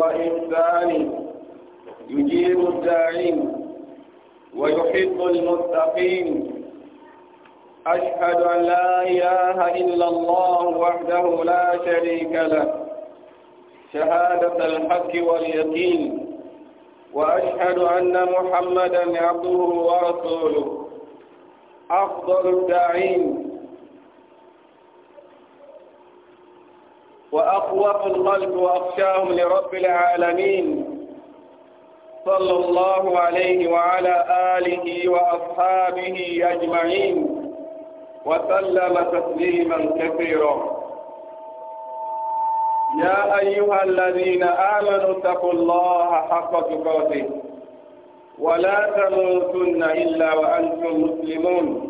وإنسان يجيب الداعين ويحب المتقين أشهد أن لا إله إلا الله وحده لا شريك له شهادة الحق واليقين وأشهد أن محمدا عبده ورسوله أفضل الداعين وأقوف القلب وأخشاهم لرب العالمين صلى الله عليه وعلى آله وأصحابه أجمعين وسلم تسليما كثيرا يا أيها الذين آمنوا اتقوا الله حق تقاته ولا تموتن إلا وأنتم مسلمون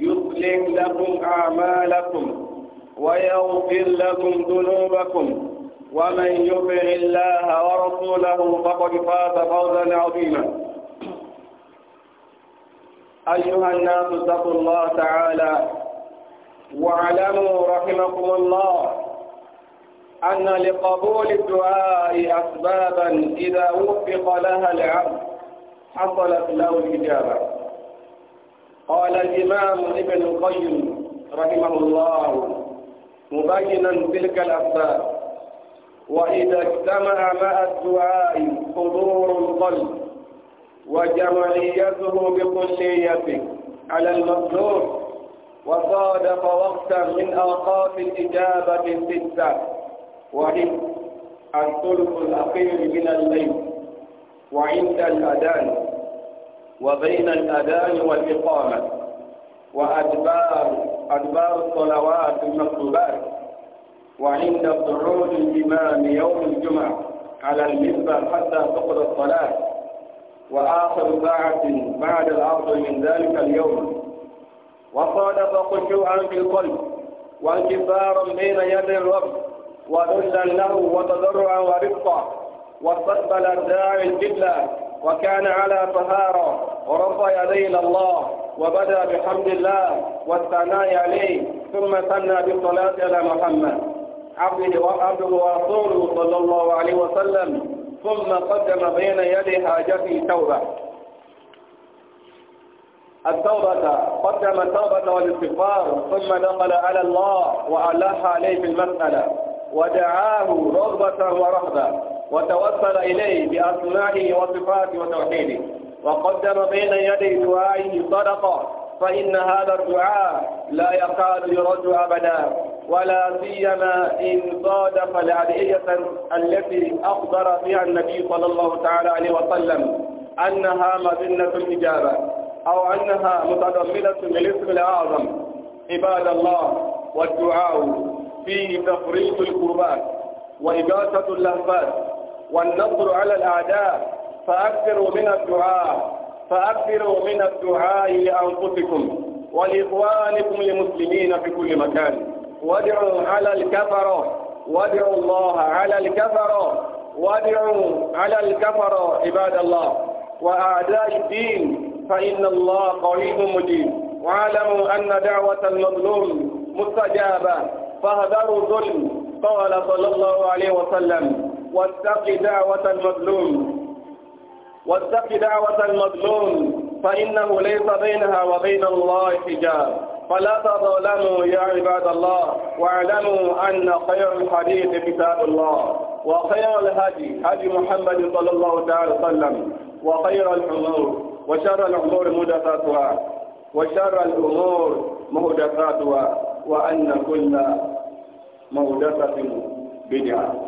يصلح لكم أعمالكم ويغفر لكم ذنوبكم ومن يطع الله ورسوله فقد فاز فوزا عظيما أيها الناس اتقوا الله تعالى واعلموا رحمكم الله أن لقبول الدعاء أسبابا إذا وفق لها العبد حصلت له الإجابة قال الإمام ابن القيم رحمه الله مبينا تلك الأسباب وإذا اجتمع مع الدعاء حضور القلب وجمعيته بخشيته على المطلوب وصادف وقتا من أوقات الإجابة الستة وهي الثلث الأخير من الليل وعند الأذان وبين الأذان والإقامة وأدبار أدبار الصلوات المكتوبات وعند صعود الإمام يوم الجمعة على المنبر حتى تقضى الصلاة وآخر ساعة بعد العصر من ذلك اليوم وصادف خشوعا في القلب وانكسارا بين يدي الرب وذلا له وتضرعا ورفقا واستقبل الداعي الجبلة وكان على طهارة ورفع يديه إلى الله وبدأ بحمد الله والثناء عليه ثم ثنى بالصلاة على محمد عبده وعبده ورسوله صلى الله عليه وسلم ثم قدم بين يدي حاجته توبة التوبة قدم التوبة والاستغفار ثم دخل على الله وألح عليه بالمسألة ودعاه رغبة ورهبة وتوسل إليه بأسمائه وصفاته وتوحيده وقدم بين يدي دعائه صدقة فإن هذا الدعاء لا يقال يرد أبدا ولا سيما إن صادف الأدعية التي أخبر بها النبي صلى الله تعالى عليه وسلم أنها مظنة الإجابة أو أنها متضمنة للاسم الأعظم عباد الله والدعاء فيه تفريط الكربات وإجاسة اللهفات والنصر على الأعداء فأكثروا من الدعاء فأكثروا من الدعاء لأنفسكم ولإخوانكم المسلمين في كل مكان وادعوا على الكفر وادعوا الله على الكفر وادعوا على الكفر عباد الله وأعداء الدين فإن الله قريب مجيب واعلموا أن دعوة المظلوم مستجابة فاهذروا ظلم قال صلى الله عليه وسلم واتق دعوة المظلوم واتق دعوة المظلوم فإنه ليس بينها وبين الله حجاب فلا تظلموا يا عباد الله واعلموا أن خير الحديث كتاب الله وخير الهدي هدي محمد صلى الله تعالى وسلم وخير الأمور وشر الأمور مدفاتها وشر الأمور محدثاتها وأن كل محدثة بدعة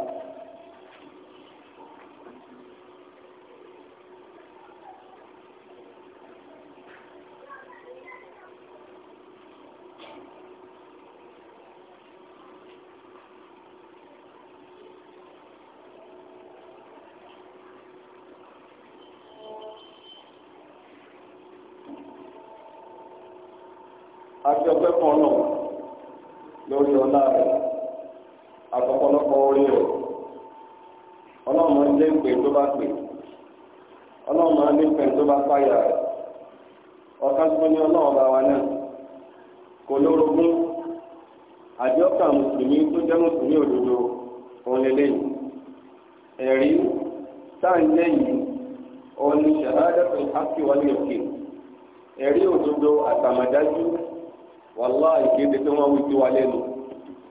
ẹ̀rí sáǹjẹ́ yìí òun ni shahadatul haqqi wal ẹ̀rí òdodo àtàmàdájú wàlá ìkéde tó wọ́n wí sí wa lẹ́nu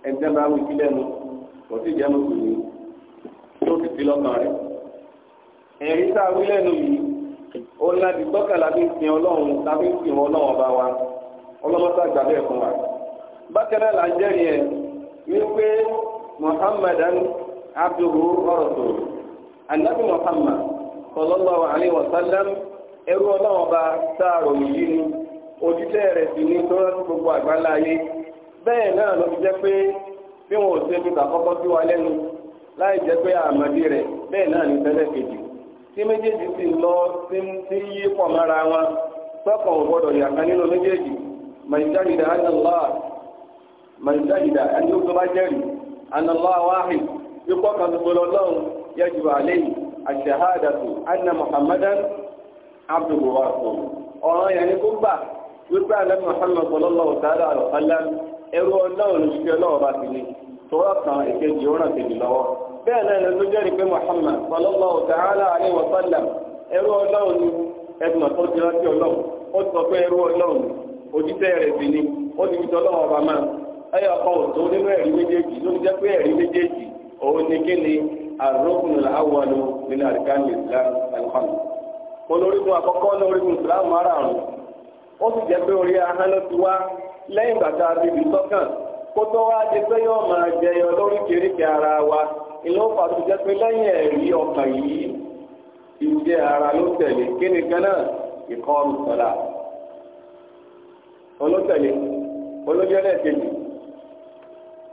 ẹ̀ńtẹ́ máa wí sí lẹ́nu kò sí jẹ́ mùsùlùmí tó ti fi lọ́kàn rẹ̀ ẹ̀rí tá a wí lẹ́nu yìí láti ọlọ́run anabi muhammad sallallahu alayhi wa sallam ẹrú ọlọ́run ọba sáàrò yìí ni òjíṣẹ́ rẹ̀ sì ní tó rántí gbogbo àgbáńlá ayé bẹ́ẹ̀ náà ló fi jẹ́ pé bí wọn ò ṣe fi kàkọ́kọ́ sí wa lẹ́nu láì jẹ́ pé rẹ̀ bẹ́ẹ̀ náà ní tẹ́lẹ̀ kejì tí méjèèjì sì ń lọ tí ń yí pọ̀ mọ́ra wọn sọ́kàn ò gbọ́dọ̀ yàtọ̀ nínú méjèèjì wáhì يجب عليه الشهادة أن محمدا عبده ورسوله ọ̀ràn yẹn ni kó gbà wípé alẹ́ Muhammad sallallahu ta'ala alaihi wa sallam ẹrú ọlọ́run olùsíkẹ́ ọlọ́run bá ti ní tọ́wọ́ kan èkejì ó ràn tèmi lọ́wọ́ bẹ́ẹ̀ náà ló jẹ́rìí pé Muhammad sallallahu ta'ala alaihi wa ẹrú ọlọ́run ni ẹ̀dùn àtọ́ ti rántí ọlọ́run ó sọ pé ẹrú ọlọ́run òjíṣẹ́ rẹ̀ sì ni ó ti fi tọ́lọ́wọ́ ọba máa ẹ̀yọ̀ òun ni kí ni arúgbìn àwọn nínú àríkánì islam ẹnìkan olórígun àkọ́kọ́ ní islam márààrún ó sì jẹ́ pé orí ti wá lẹ́yìn bàtà bíbí sọ́kàn kó tó wá di pé yóò máa jẹyọ lóríkèéríkèé ara wa ìlú jẹ́ pé lẹ́yìn ẹ̀rí ọkàn yìí ara ló tẹ̀lé kí ni ganan ìkọ́ ọ̀rùn sọ̀la olótẹ̀lé olójẹ́lẹ̀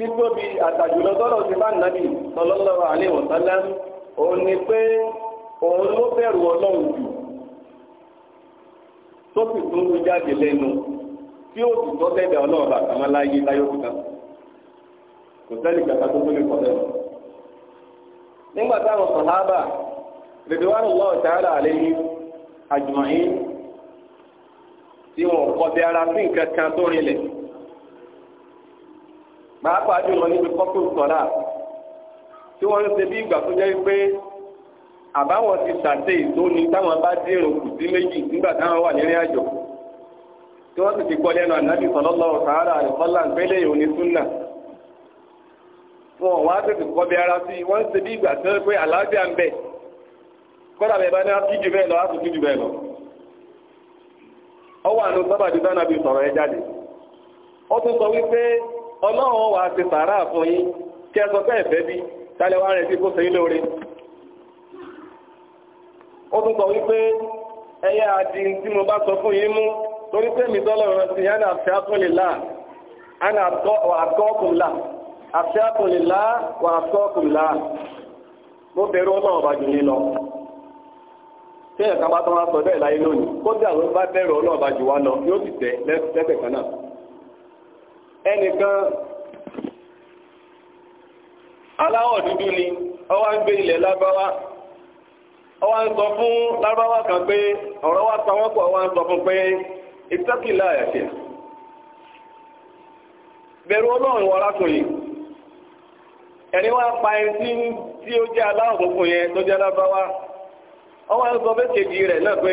títóbi àtàjùlọ tọ́lọ̀ ti bá nàbì sallallahu alaihi wasallam òun ni pé òun ló bẹ̀rù ọlọ́run jù tó sì tún lu jáde lẹ́nu tí ó sì tọ́ bẹ̀bẹ̀ ọlọ́run láyé kò tó tó ara sí nǹkan kan tó pàápàá jùlọ níbi kọ́pù sọ̀rà tí wọ́n ń ṣe bí ìgbà tó jẹ́ pé àbáwọn ti ṣàṣe ìtóni táwọn bá dé èrò kù sí méjì nígbà táwọn wà nírìn tí wọ́n sì ti kọ́ lẹ́nu ànábì wọn wá tètè kọ́ bí ara sí wọ́n ń ṣe bí ọlọ́run wà á ti sàárà fún yín kí ẹ sọ pé ẹ̀fẹ́ bí tálẹ̀ rẹ̀ sí kó sẹ́yìn lóore. ó tún wípé ẹyẹ àdì tí mo bá sọ fún yín mú torí pé mi tọ́lọ̀ rẹ̀ sí yánà àfẹ́ wà mo bẹ̀rù bá jù yín lọ tí ẹ̀ka bá tọ́ wá sọ bẹ́ẹ̀ láyé lónìí kó bá ẹnìkan aláwọ̀ dúdú ni ọwá ń gbé ilẹ̀ lábáwá ọwá ń sọ fún lábáwá kan pé ọ̀rọ̀ wá pa ọwá ń sọ fún pé ìtọ́kìlá ẹ̀ṣẹ̀ bẹ̀rù ọlọ́run wọ́n látò yìí ẹni wá pa ẹni tí ó jẹ́ aláwọ̀ funfun yẹn tó jẹ́ lábáwá ọwá ń sọ rẹ̀ náà pé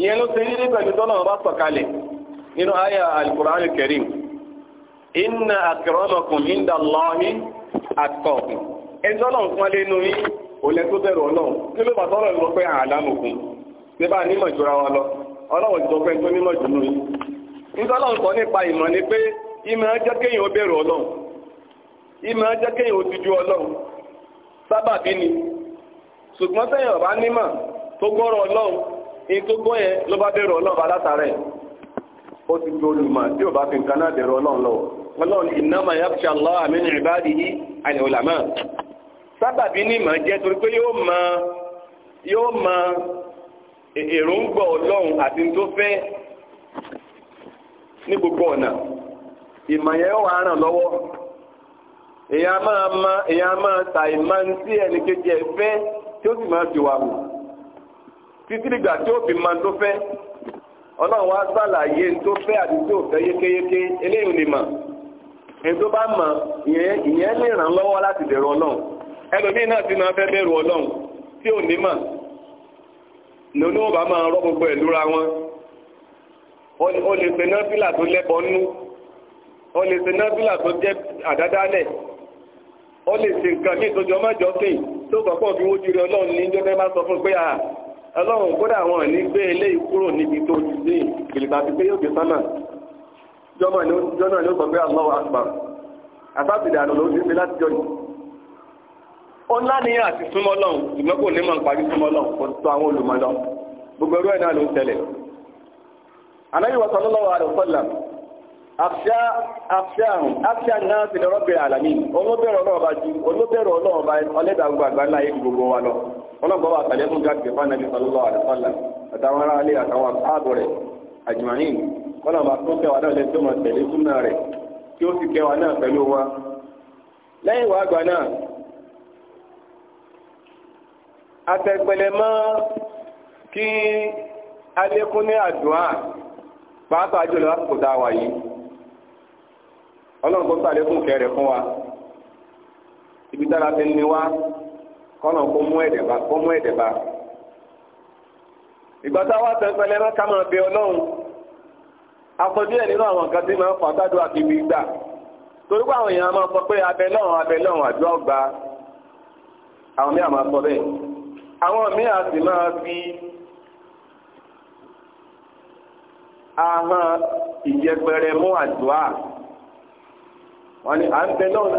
ìyẹn ló ṣe nílé pẹ̀lú tọ́lọ̀ ọba sọ̀kalẹ̀ nínú àyà alukur'an kẹrim inna akramakum inda Allahi atqakum ẹjọ́ náà fún alẹ́ inú yín òlẹ́ tó bẹ̀rọ ọlọ́run kí ló bá tọ́lọ̀ sábàbí ni ṣùgbọ́n ọ̀bá nímọ̀ tó gbọ́rọ̀ ọlọ́run ìgbógbó yẹn ló bá bẹ̀rù ọlọ́ọ̀bá látara ẹ̀ ó ti di olùmọ̀ tí bá fi nǹkan náà bẹ̀rù ọlọ́run lọ́wọ́ ọlọ́run fi yakhsha Allaha min ibadihi al-ulama sábàbí ní ìmọ̀ jẹ́ torí pé yóò mọ yóò mọ èròǹgbọ̀ ọlọ́run àti ma èèyàn máa ta ìmọ̀ sí fẹ́ tí ó títí dìgbà tí ó fi máa tó fẹ́ ọlọ́run wá sàlàyé tó fẹ́ àti tó fẹ́ yékéyéké eléyìí lè mọ̀ ẹni tó bá mọ̀ ìyẹn lè ràn lọ́wọ́ láti dẹ̀rọ ọlọ́run ẹlòmíì náà ti máa fẹ́ bẹ̀rù ọlọ́run tí ò ní mọ̀ lónìí wọn bá máa rọ́ gbogbo ẹ̀ lóra wọn ó lè ṣe tó lẹ́bọ̀ nú ó lè ṣe tó jẹ́ àdádálẹ̀ ó lè ṣe nǹkan ní ìtọ́jú ọmọ ọlọ́run kódà àwọn ní gbé eléyìí kúrò níbi tó ti sí ìgbìlìgbà ti pé yóò gbé sánà jọ́nà ni ó sọ pé Allahu Akbar àtàtìdì àná ló ti ṣe láti jọ yìí. ó ńlá ní àti súnmọ́ lọ́hùn ṣùgbọ́n kò ní mọ̀ ń parí súnmọ́ lọ́hùn kò tó àwọn olùmọ̀ lọ gbogbo ẹrú ẹ̀ náà ló ń tẹ̀lẹ̀. ànábì wa sallallahu alaihi wasallam àfíà àfíà àrùn àfíà náà ti lọ́rọ́ bẹ̀rẹ̀ àlàmì olóbẹ̀rẹ̀ ọlọ́ọ̀ba ju olóbẹ̀rẹ̀ ọlọ́ọ̀ba ọlẹ́dàgbàgbà láyé gbogbo wa lọ ọlọ́gbọ́ wa tàlẹ́ fún gàgbé fún anabi sallallahu alaihi wasallam àtàwọn ará ilé àtàwọn àbọ̀ rẹ̀ àjùmáyìn kọ́nà bá tó kẹwàá náà lẹ́tọ́ mọ̀ tẹ̀lé súnà rẹ̀ tí ó sì kẹwàá náà pẹ̀lú wa. lẹ́yìn wàá gbà náà àtẹ̀pẹ̀lẹ̀ mọ́ kí alékún ní àdúrà pàápàá jùlọ lásìkò tá a wà yìí ọlọ́run kó sàlékún kẹrẹ̀ fún wa ibi tára ti ń ni wá kọ́nà kó mú ẹ̀dẹ̀ bá kó mú ẹ̀dẹ̀ bá. ìgbà tá a wá tẹ́ pẹlẹ náà ká máa bẹ ọlọ́run afọjú ẹ̀ nínú àwọn nǹkan tí máa ń fà sádù àbíbí gbà torí pé àwọn èèyàn máa sọ pé abẹ lọ́run abẹ lọ́run àdúrà gba àwọn míì àmà sọ bẹ́ẹ̀ àwọn míì á sì máa fi ahọ́n ìjẹgbẹrẹ mú àdúrà wọn à ń bẹ lọ́run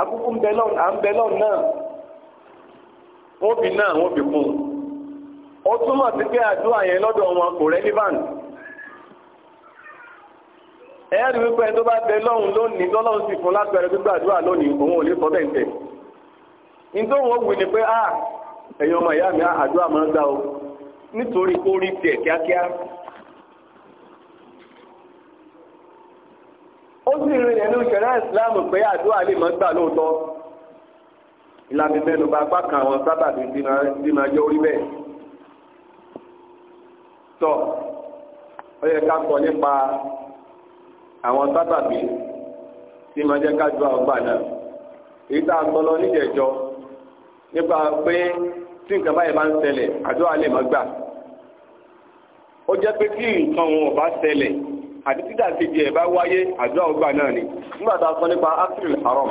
àkúkú ń bẹ lọ́run à ń bẹ lọ́run náà. wọ́n fi náà wọ́n fi kún un ó túmọ̀ sí pé àdúrà yẹn lọ́dọ̀ wọn kò relevant ẹ̀ẹ́rì wípé tó bá bẹ lọ́hùn lónìí lọ́lọ́hùn sì fún lágbẹ̀rẹ̀ gbígbà àdúrà lónìí òun ò lè sọ bẹ́ẹ̀ tẹ̀ a mi o ó sì rìn ìsìláàmù pé àdúrà lè gbà lóòótọ́ ìlànà mẹ́nu bá apá kan àwọn sábàbí tí máa jẹ́ orí bẹ́ẹ̀. tọ́ ó yẹ ká sọ nípa àwọn sábàbí tí máa jẹ́ ká ju àgbà náà èyí tá a sọ lọ níjẹ̀jọ́ nípa pé tí nǹkan báyìí bá ń ṣẹlẹ̀ àdúrà lè má gbà ó jẹ́ pé tí nǹkan wọn ò bá ṣẹlẹ̀ àti títà kejì ẹ̀ bá wáyé àdúrà ọgbà náà ni nígbà tá a sọ nípa Afril Haram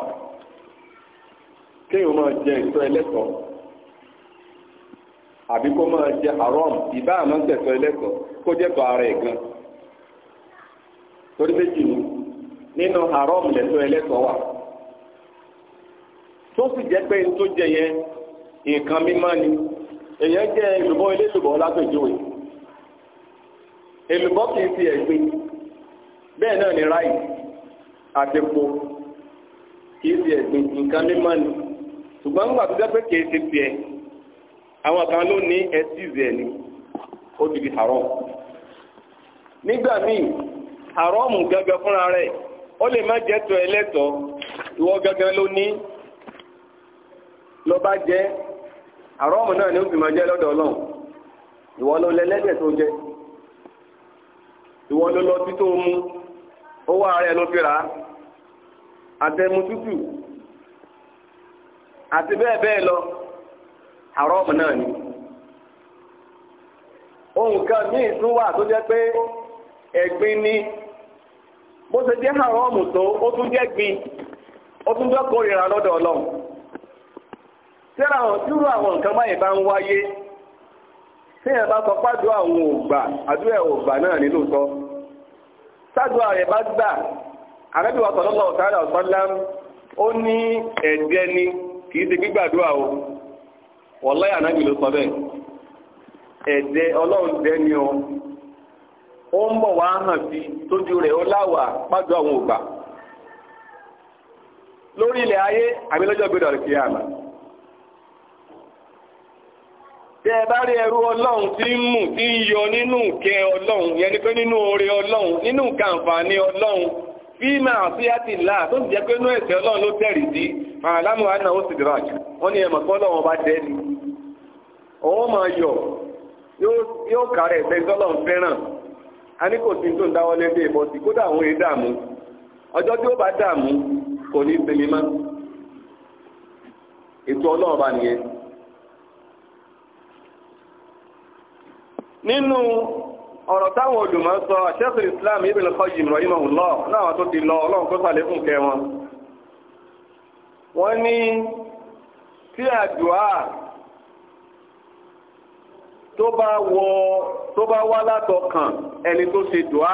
kéèyàn máa jẹ ìtọ́ ẹlẹ́tọ̀ọ́ àbí kó máa jẹ haram ìbá àmọ́ tẹ̀tọ́ ẹlẹ́tọ̀ọ́ kó jẹ́ tọ́ ara ẹ̀ gan torí méjì ni nínú àrọ́m lẹ́tọ́ ẹlẹ́tọ̀ọ́ wà tó sì jẹ́ pé tó jẹ yẹn nǹkan mímọ́ èèyàn jẹ èlùbọ́ elélùbọ́ lágbèjòwe èlùbọ́ kì í fi ẹ̀gbin bẹ́ẹ̀ náà ṣùgbọ́n nígbà tó kìí ṣe tiẹ̀ àwọn kan ló ní ni ó ti nígbà míì gẹ́gẹ́ fúnra rẹ̀ ó lè má jẹ́ ẹlẹ́tọ̀ọ́ gẹ́gẹ́ ló ní lọ́ba jẹ́ náà ni ó sì jẹ́ lọ́dọ̀ ọlọ́run ló tó jẹ́ àti bẹ́ẹ̀ bẹ́ẹ̀ lọ haram náà ni ohun kan míì tún wà tó jẹ́ pé ẹ̀gbin ni bó ṣe jẹ́ haram tó ó tún jẹ́ gbin ó tún jẹ́ kórìíra lọ́dọ̀ ọlọ́run síra àwọn àwọn nǹkan báyìí bá ń sọ pàdó àwọn ògbà àdúrà ògbà náà sọ sádùá bá gbà ni kì í ṣe gbígbàdúrà o wọlé ànábì ló sọ bẹ́ẹ̀ ẹdẹ Ọlọ́run dẹni o ó ń bọ̀ wá hàn sí tójú rẹ̀ ó láwà pàjọ àwọn ògbà lórí ilẹ̀ ayé àbí lọ́jọ́ gbẹdọ̀ rẹ̀ kìí àmà tẹ ẹ bá rí ẹrú Ọlọ́run tí ń mú tí ń yọ nínú ìkẹ́ Ọlọ́run yẹn pé nínú oore Ọlọ́run nínú ìkàǹfààní Ọlọ́run fíìmà àfíàtì ńlá tó ń jẹ́ pé inú ẹ̀sẹ̀ ọlọ́run ló tẹ̀rì sí alámù àná ó sì dìrà jù wọ́n ní ni a ní kò sí tó ń dáwọ́ lé dé ìbọn sí kódà àwọn èèyàn dààmú ọjọ́ tí ó bá dààmú kò ọ̀rọ̀ táwọn olùmọ̀ sọ àṣẹ́sù Islam Ibn Qayyim rahimahullah náà tó ti lọ ọlọ́run kó sàlékún kẹ wọn wọ́n ní tí àdúà tó bá wọ tó bá wá látọkàn ẹni tó ṣe dùá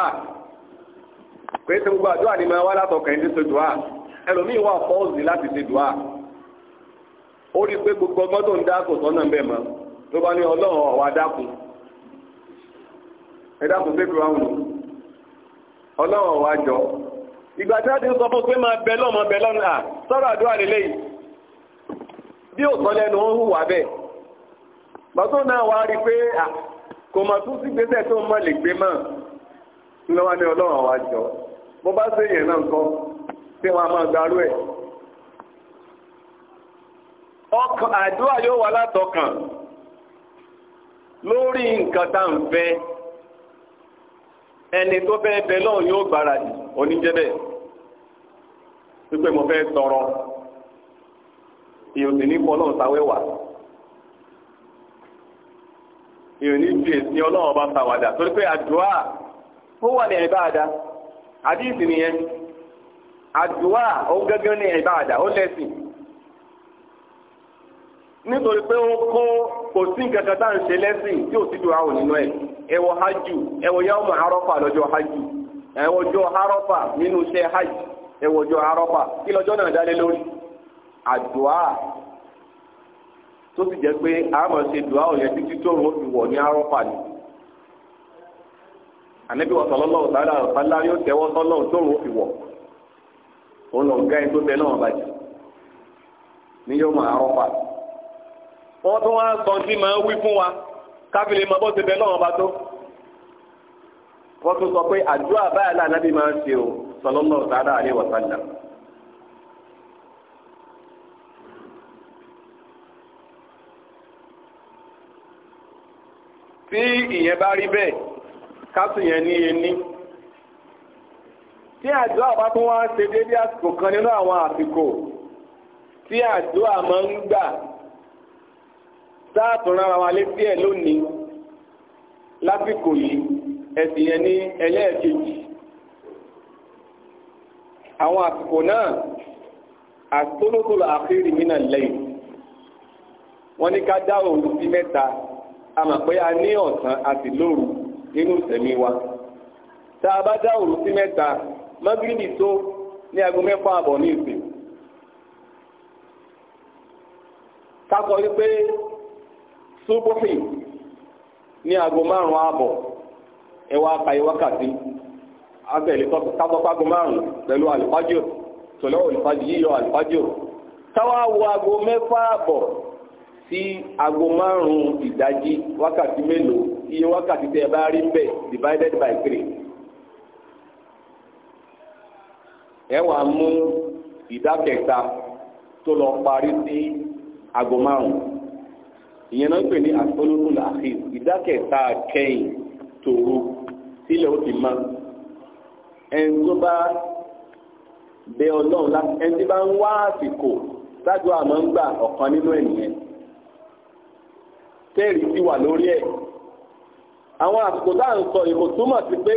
pé tí gbogbo àdúà ni máa wá látọkàn ẹni tó ṣe dùá ẹlòmíì wà fọ́ọ̀sì láti ṣe dùá ó rí i pé gbogbo ọgbọ́n tó ń dá kò sọ́nà bẹ́ẹ̀ mọ́ tó bá ní ọlọ́run ọ̀wá dákun ẹ̀dá kò wá jọ ìgbà tí sọ fún pé máa bẹ lọ́ọ̀ máa bẹ à sọ́rọ̀ àdúrà lélẹ̀ yìí bí ò sọ lẹ́nu ń hùwà bẹ́ẹ̀ bàtó náà wá rí pé kò mà tún sí tó mọ́ lè gbé mọ́ jọ Mo bá yẹn náà tí wọ́n máa darú ẹ̀ yóò wá látọkàn lórí ẹni tó fẹ́ bẹ lọ́hùn yóò gbáradì oníjẹ́bẹ̀ wípé mo fẹ́ tọrọ ìròyìn ní kọ́ lọ́hùn sáwẹ́wà ìròyìn fi èsì ọlọ́hùn bá sàwádà torí pé àdúrà ó wà ní ìbáàdà àdíìsì nìyẹn àdúrà ó gẹ́gẹ́ ní ìbáàdà ó lẹ́sìn. nítorí pé ó kó kò sí nǹkan kan tá à ń ṣe lẹ́sìn tí ò sí haju, àwọn nínú ẹ̀ ẹ hajj ẹ wọ yawmu arọ́fà hajj ẹ wọ ọjọ́ nínú iṣẹ́ hajj ẹ wọ ọjọ́ kí lọ́jọ́ náà dálé lórí àdùá tó ti jẹ́ pé ṣe dùá títí tó rò fi ní arọ́fà ni wọ́n tún wá sọ tí màá wí fún wa kábìlì mọ́ bó ti bẹ lọ́wọ́ bá tó wọ́n tún sọ pé àdúrà báyìí lànà máa ń ṣe o sallallahu ta'ala alaihi wa sallam. tí ìyẹn bá rí bẹ́ẹ̀ kásùn yẹn ní ení tí àdúrà bá tún wá ṣe déédéé àsìkò kan nínú àwọn àsìkò tí àdúrà máa ń gbà táàtún rárá wa létí ẹ̀ lónìí lásìkò yìí ẹ̀sìn yẹn ní ẹlẹ́ẹ̀kejì àwọn àsìkò náà àtólótóló àkérì mí náà lẹ́yìn wọ́n ní ká dá òru sí mẹ́ta a mọ̀ pé a ní ọ̀sán àti lóru nínú ìsẹ̀mí wa tá a bá dá òru sí mẹ́ta mọ́gírínì tó ní aago mẹ́fà àbọ̀ ní ìsìn ká wípé subuhi ní aago márùn ààbọ̀ ẹ wá wákàtí abẹ́lé kábọ́kágo márùn pẹ̀lú àlùfájò tòlọ́ àlùfájò yíyọ àlùfájò wo aago mẹ́fà sí aago márùn ìdájí wákàtí mélòó iye wákàtí tẹ divided by three mú tó lọ parí sí aago ìyẹn náà ń pè ní àfọlùkùn làákìr ìdákẹ́ta kẹ́yìn tòru sílẹ̀ ó ti mọ́ ẹni tó bá bẹ ọlọ́run láti ẹni tí bá ń wá àsìkò ṣáájú àmọ́ ń gbà ọ̀kan nínú ẹ̀nìyẹn tẹ́ẹ̀rì ti wà lórí ẹ̀ àwọn àsìkò tá à ń sọ èkó túmọ̀ sí pé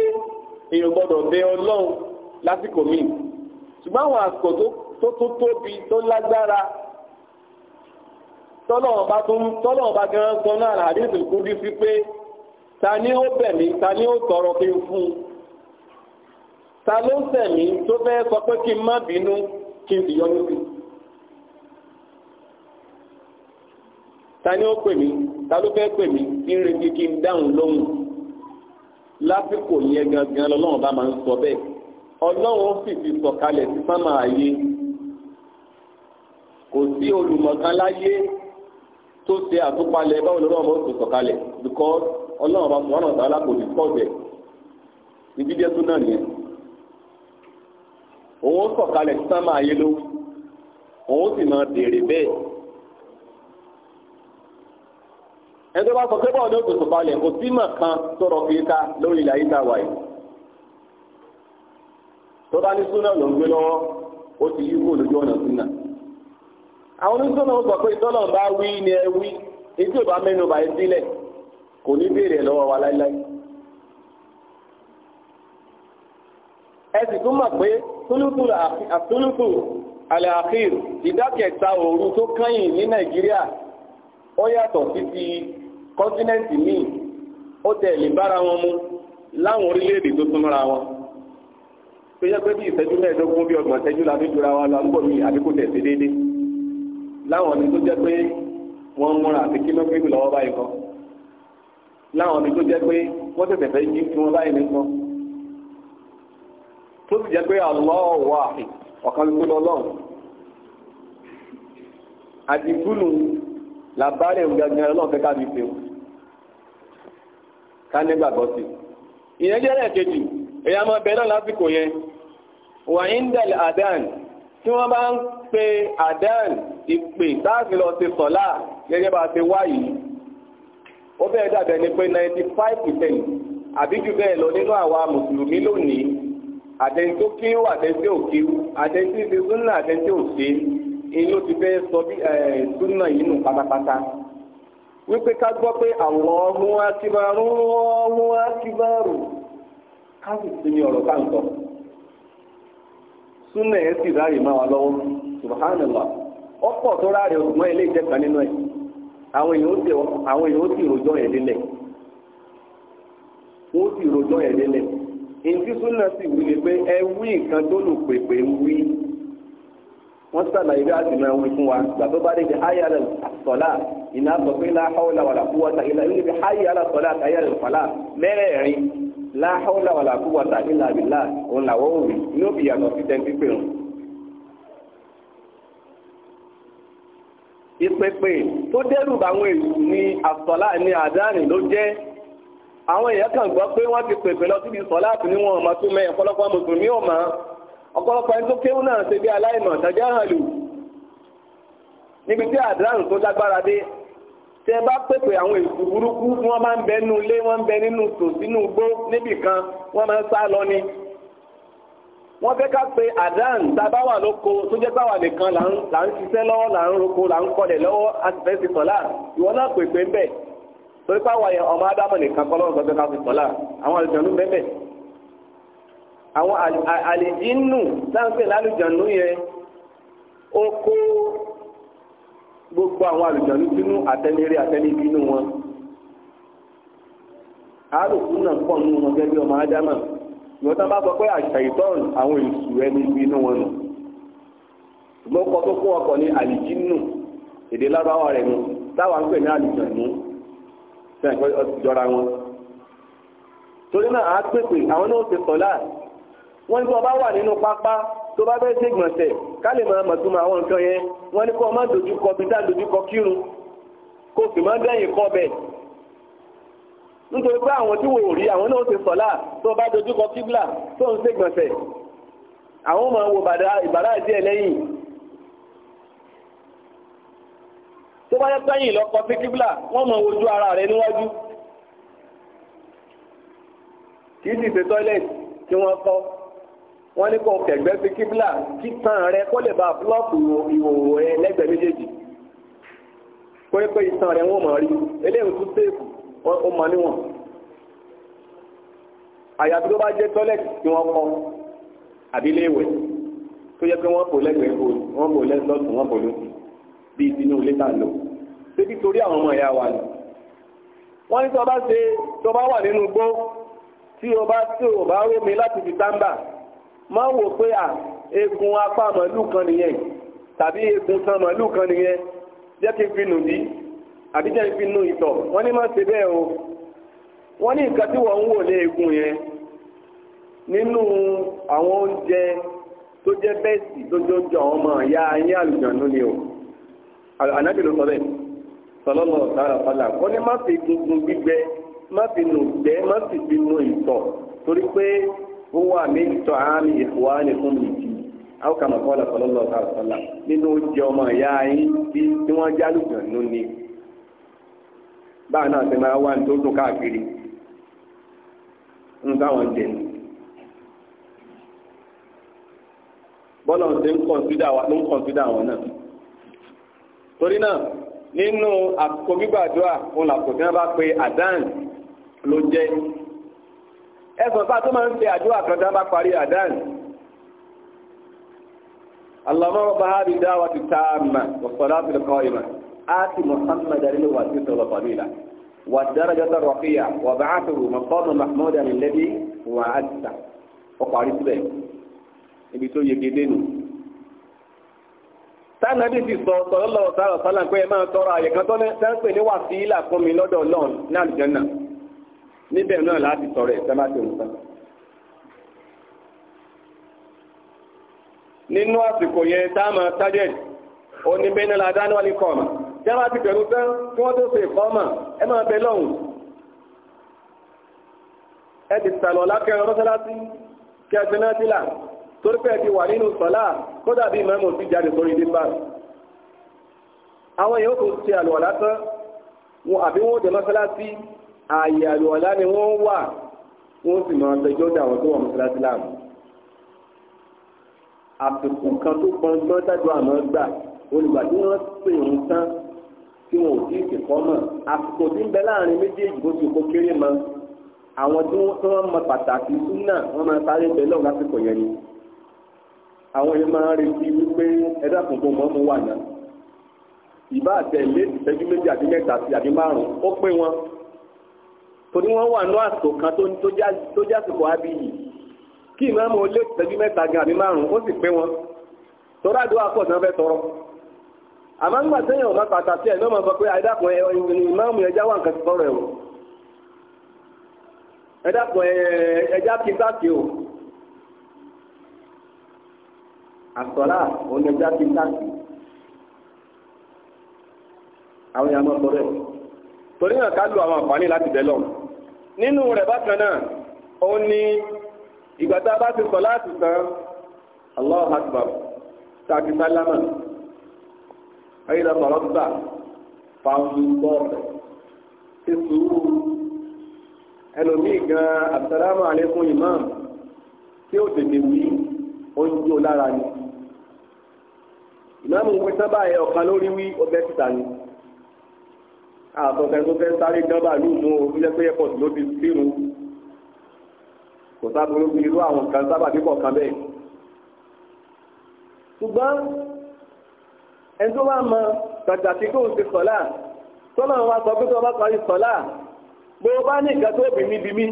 èèyàn gbọ́dọ̀ bẹ ọlọ́run lásìkò míì ṣùgbọ́n àwọn àsìkò tó tóbi tó lágbára tọ́lọ̀ ọba tó ọba gan sọ náà àdéhùn sí pé ta ni ó bẹ̀ mí ta ni ó tọrọ kí n fún ta ló ń sẹ̀ mí tó fẹ́ sọ pé kí n má bínú kí n sì yọ níbi ta ni ó pè mí ta ló fẹ́ pè mí kí n retí kí n dáhùn lóhùn lásìkò yẹn gangan bá máa ń sọ bẹ́ẹ̀ ọlọ́run sì ti sọ̀kalẹ̀ sí ayé kò sí olùmọ̀kan láyé tó ṣe àtúpalẹ̀ báwo sọ̀kalẹ̀ because ọlọ́run bá kò ní ibi díẹ̀ tún náà nìyẹn. òun ó sọ̀kalẹ̀ sánmà ayé ló òun sì máa bẹ́ẹ̀. ẹni tó bá sọ pé báwo ni sọ̀kalẹ̀ kò sí mọ̀ kan tọrọ kiri ká lórí ilẹ̀ ayé tá a wà yìí. tó bá ní súnà ló ń gbé lọ́wọ́ ó ti yí kó lójú ọ̀nà àwọn oníṣòwò náà sọ pé ìtọ́nà bá wí ni ẹ wí etí ò bá mẹ́nu bàá sílẹ̀ kò ní béèrè lọ́wọ́ wa láíláí. ẹ sì tún mọ̀ pé túlùtù àlẹ́ àfíìr ìdákẹta òru tó kẹ́yìn ní nàìjíríà ó yàtọ̀ sí ti kọ́ńtínẹ́ǹtì míì ó tẹ̀lé bára wọn mu láwọn orílẹ̀-èdè tó súnmọ́ra wọn tó yẹ pé bí ìṣẹ́jú mẹ́ẹ̀ẹ́dógún bí ọgbọ̀n ìṣẹ́jú la jura wa lọ àgbọ̀ mi àbíkú tẹ̀sí déédéé láwọn ni tó jẹ́ pé wọ́n ń múra àti kíló fíìmù lọ́wọ́ báyìí kan láwọn ni tó jẹ́ pé wọ́n tẹ̀tẹ̀ fẹ́ yí fún wọn báyìí nìkan tó sì jẹ́ pé àlọ́wọ́ àfi ọ̀kan ló lọ lọ́hùn àdìgúnù làbárẹ̀ gbẹ̀gbẹ̀ ọlọ́run fẹ́ káàdì fi hàn ká nígbàgbọ́ sí ìyẹn jẹ́ ẹ̀kejì èyí a máa bẹ náà lásìkò yẹn wà ń dẹ̀lẹ̀ àdáàni tí wọ́n bá ń pe àdán ìpè táàfin lọ sí sọ̀lá gẹ́gẹ́ bá a ti wá yìí ó bẹ́ẹ̀ dàbẹ̀ ni pé ninety five percent àbí jù bẹ́ẹ̀ lọ nínú àwa mùsùlùmí lónìí àtẹni tó kíw àtẹni tí ò kíw àtẹni tí ti súnà àtẹni tí ò ṣe èyí ló ti fẹ́ sọ bí súnà yìí nù pátápátá wípé ká gbọ́ pé Allahu akbar Allahu akbar ká sì sinmi ọ̀rọ̀ ká súnà ẹ̀ sì ráàyè máa wà lọ́wọ́ subhanallah ọ̀pọ̀ tó ráàyè òṣùwọ̀n ilé ìjẹ́ka nínú ẹ̀ àwọn èèyàn ó sì rojọ́ ẹ̀ lélẹ̀ wọ́n sì rojọ́ ẹ̀ lélẹ̀ ìdí súnà sì wí ni pé ẹ wí nǹkan tó pèpè ń a sì máa wí fún wa gbàtọ́ bá dé bi hayya sọ̀lá ìnáàbọ̀ pé sọ̀lá láhọ́lá wà láàkú wà tàbí làbílà òun làwọ́ òwì inú òbí yàtọ̀ sí tẹ́ pípé rùn. ìpèpè tó dẹ́rù báwọn èlú ní àsọ̀lá ní àdáni ló jẹ́ àwọn èèyàn kan gbọ́ pé wọ́n ti pèpè lọ síbi sọ̀lá àti níwọ̀n ọmọ tó mẹ́ ọ̀pọ̀lọpọ̀ mùsùlùmí ọ̀mọ́ ọ̀pọ̀lọpọ̀ ẹni tó kéwù náà ṣe bí aláìmọ̀ tàjá níbi tí àdáni tó lágbára dé tẹ bá pèpè àwọn èsù burúkú wọn máa ń bẹ nínú ilé wọn ń bẹ nínú tò sínú igbó níbì kan wọn máa ń sá lọ ni wọn fẹ́ ká pe adan tábà wà lóko tó jẹ́ báwa nìkan là ń ṣiṣẹ́ lọ́wọ́ là ń roko là ń kọlẹ̀ lọ́wọ́ a sì fẹ́ ti sọ̀lá ìwọ náà pèpè ń bẹ̀ torí páwa yẹn ọmọ ádámọ̀ nìkan kọ́ lọ́wọ́ gbọ́dọ̀ ká fi sọ̀lá àwọn àlùjọ̀nú bẹ́ẹ̀ àwọn àlìjínù sáńpẹ̀ lálùjọ̀nú yẹn oko gbogbo àwọn àlùjọ̀nù sínú àtẹnirí àtẹnibí inú wọn àlùkù náà pọ̀ nínú wọn gẹ́gẹ́ bí ọmọ ádámà ìwọ́n tán bá sọ pé àṣà ìtọ́n àwọn èṣù ẹni bí inú wọn nù ṣùgbọ́n kọ́ tó kún ọkọ̀ ní àlìjínù èdè lábáwá rẹ̀ nù táwa ń pè ní àlùjọ̀nù sẹ́yìn pé ọtí jọra wọn torí náà àá pèpè àwọn náà ti sọ̀lá wọ́n ní bí wọ́n bá wà nínú pápá tó bá bẹ́ẹ̀ ṣègbọ̀nsẹ̀ ká lè máa mọ̀ tó máa àwọn nǹkan yẹn wọ́n ní kó má dojúkọ bí tá dojúkọ kírun kó sì má dẹ́yìn kọ́ bẹ̀ nítorí pé àwọn tí wò ó rí àwọn náà ti sọ̀lá tó bá dojúkọ kíbla tó ń ṣègbọ̀nsẹ̀ àwọn máa wo ìbàdà díẹ̀ lẹ́yìn tó bá yẹ sẹ́yìn lọ́kọ sí kíbla wọ́n máa wojú ara rẹ̀ níwájú kì í sì ṣe tọ́lẹ̀tì wọ́n ní kó kẹ̀gbẹ́ sí kíbla kí tán rẹ kó lè bá búlọ́ọ̀kù ìhòòhò rẹ lẹ́gbẹ̀ẹ́ méjèèjì kó yẹ pé ìtàn rẹ wọ́n mọ̀ rí eléyìí tún séèkù ó mọ níwọ̀n àyàfi tó bá jẹ́ tọ́lẹ̀tì tí wọ́n kọ́ àbí iléèwẹ̀ tó yẹ pé wọ́n kò lẹ́gbẹ̀ẹ́ kò wọ́n kò lẹ́sọ̀tún wọ́n kò lóṣù bíi tinú ilé tá lò síbi torí àwọn ọmọ ìyá wa ni wọ́n ní tó bá ṣe tó bá wà nínú gbó tí o bá tí o bá rómi láti fi tábà ma wò pé à egun apá màálù kan nìyẹn tàbí egun san màálù kan nìyẹn jẹ́ kí n fi nù bí àbí jẹ́ kí n fi nù ìtọ̀ wọ́n ní má ṣe bẹ́ẹ̀ o wọ́n ní nǹkan tí wọ́n ń wò lé egun yẹn nínú àwọn oúnjẹ tó jẹ́ bẹ́ẹ̀sì tó jọ jọ àwọn ọmọ ìyá ayé ni o ànábì ló sọ bẹ́ẹ̀ sọlọ́lọ́ sára fàlà wọ́n ní má fi gungun gbígbẹ má fi nù gbẹ má fi nù ìtọ̀ torí pé huwa min ta'ami ikhwanikum nìjí aw kama qala sallallahu alaihi wasallam nínú oúnjẹ ọmọ ìyá yín bí tí wọ́n já lùjàn nù ni báà náà ṣe máa wá ní tó dùn káàkiri ń táwọn jẹ bọ́lá ń ṣe ń kọ̀ǹsídà wa ló ń kọ̀ǹsídà wọn náà torí náà nínú àkókò gbígbàdúrà òun làkòtí wọn bá pe àdáàn ló jẹ́ ẹ̀sùn bá tó máa ń ṣe àdúrà kan tá a bá parí àdán Allahumma rabba hadhihi da'wati tammah was-salati al-qa'imah آت محمدا للوسيلة والفضيلة والدرجة الرفيعة وابعثه مقام محمودا الذي وعدته وقعدت ibi tó yege dénú sanabi ti sọ sọlọlọ sọlọ sọlọ pé ẹ máa tọrọ àyè tó ń pè ní wàsílà fún mi lọ́dọ̀ Ọlọ́run ní àlùjànnà níbẹ̀ náà láti tọrọ ẹ̀ sábà tó ń sá. nínú àsìkò yẹn tá a máa target òní bẹ́ẹ̀ni la dáná ní kọ́ọ̀mà tí a bá ti bẹ̀rù tán kí wọ́n tó ṣe kọ́ọ̀mà ẹ máa bẹ lọ́hùn. ẹ ti sàlọ̀ lákẹ́rọ mọ́sálásí kẹsàn-án náà ti là torí pé ẹ ti wà nínú sọ́lá kódà bí mọ́mọ́ ti jáde sórí dípà. àwọn yòókù ti àlùwàlá tán wọn àbí wọn dé mọ́sálásí ààyè àlùwàlá ni wọ́n wà wọ́n sì máa tẹjọ́ dà wọ́n tó wà mọ́sálásí láàmú àpèkù kan tó gbọ́ngbọ́n dájú àmọ́ gbà olùgbà tí wọ́n pè ń tán tí wọn ò tí ì kọ́ mọ̀ àpèkù tí ń bẹ láàrin méjèèjì bó ti kó kéré mọ́ àwọn tí wọ́n mọ pàtàkì súnà wọ́n máa sáré bẹ lọ́wọ́ lásìkò yẹn ni àwọn yẹn máa ń retí wípé ẹ̀dá kòkó mọ́ mú wà náà ìbá àtẹ̀lé ìṣẹ́jú méjì àti mẹ́ta àti àbí márùn-ún ó pé wọn torí wọ́n wà ní àsìkò kan tó jásìkò abiyì kí ìmáàmù olè tẹ́jú mẹ́ta gan àbí márùn-ún ó sì pé wọn tọ́rọ àdúrà pọ̀ sàn fẹ́ tọrọ àmọ́ nígbà sẹ́yìn ọ̀ma pàtàkì ẹ̀ lọ́mọ sọ pé àdàpọ̀ ẹ̀ ìmáàmù ẹja wà nǹkan ti tọrọ ẹ̀ wọ̀ ẹ̀dàpọ̀ ẹja kí n sáàkì o àsọ̀lá òun ẹja kí n sáàkì àwọn ìyàmọ̀ tọrọ ẹ̀ torí náà ká lu àwọn àǹfààní láti bẹ̀ lọ́wọ́ nínú rẹ̀ bákan náà ó ní ìgbà tá a bá ti sọ láti tán Allahu Akbar tàbí sálámà ayélujára sọ̀rọ̀ gbà fáwọn bọ́ọ̀lù ti sùúrù ẹlòmíì gan assalamu alaikum àtọ̀tẹ̀ tó fẹ́ sáré gánbà ló mú o tó jẹ́ pé airport ló ti sírun kò sábúrú bí irú àwọn kan sábà bí kọ̀ọ̀kan bẹ́ẹ̀. ṣùgbọ́n ẹni tó bá mọ pàtàkì kóun ti sọ̀lá tọ́lá wa sọ pé tó bá parí sọ̀lá bó o bá ní ìgbà tó bì mí bì mí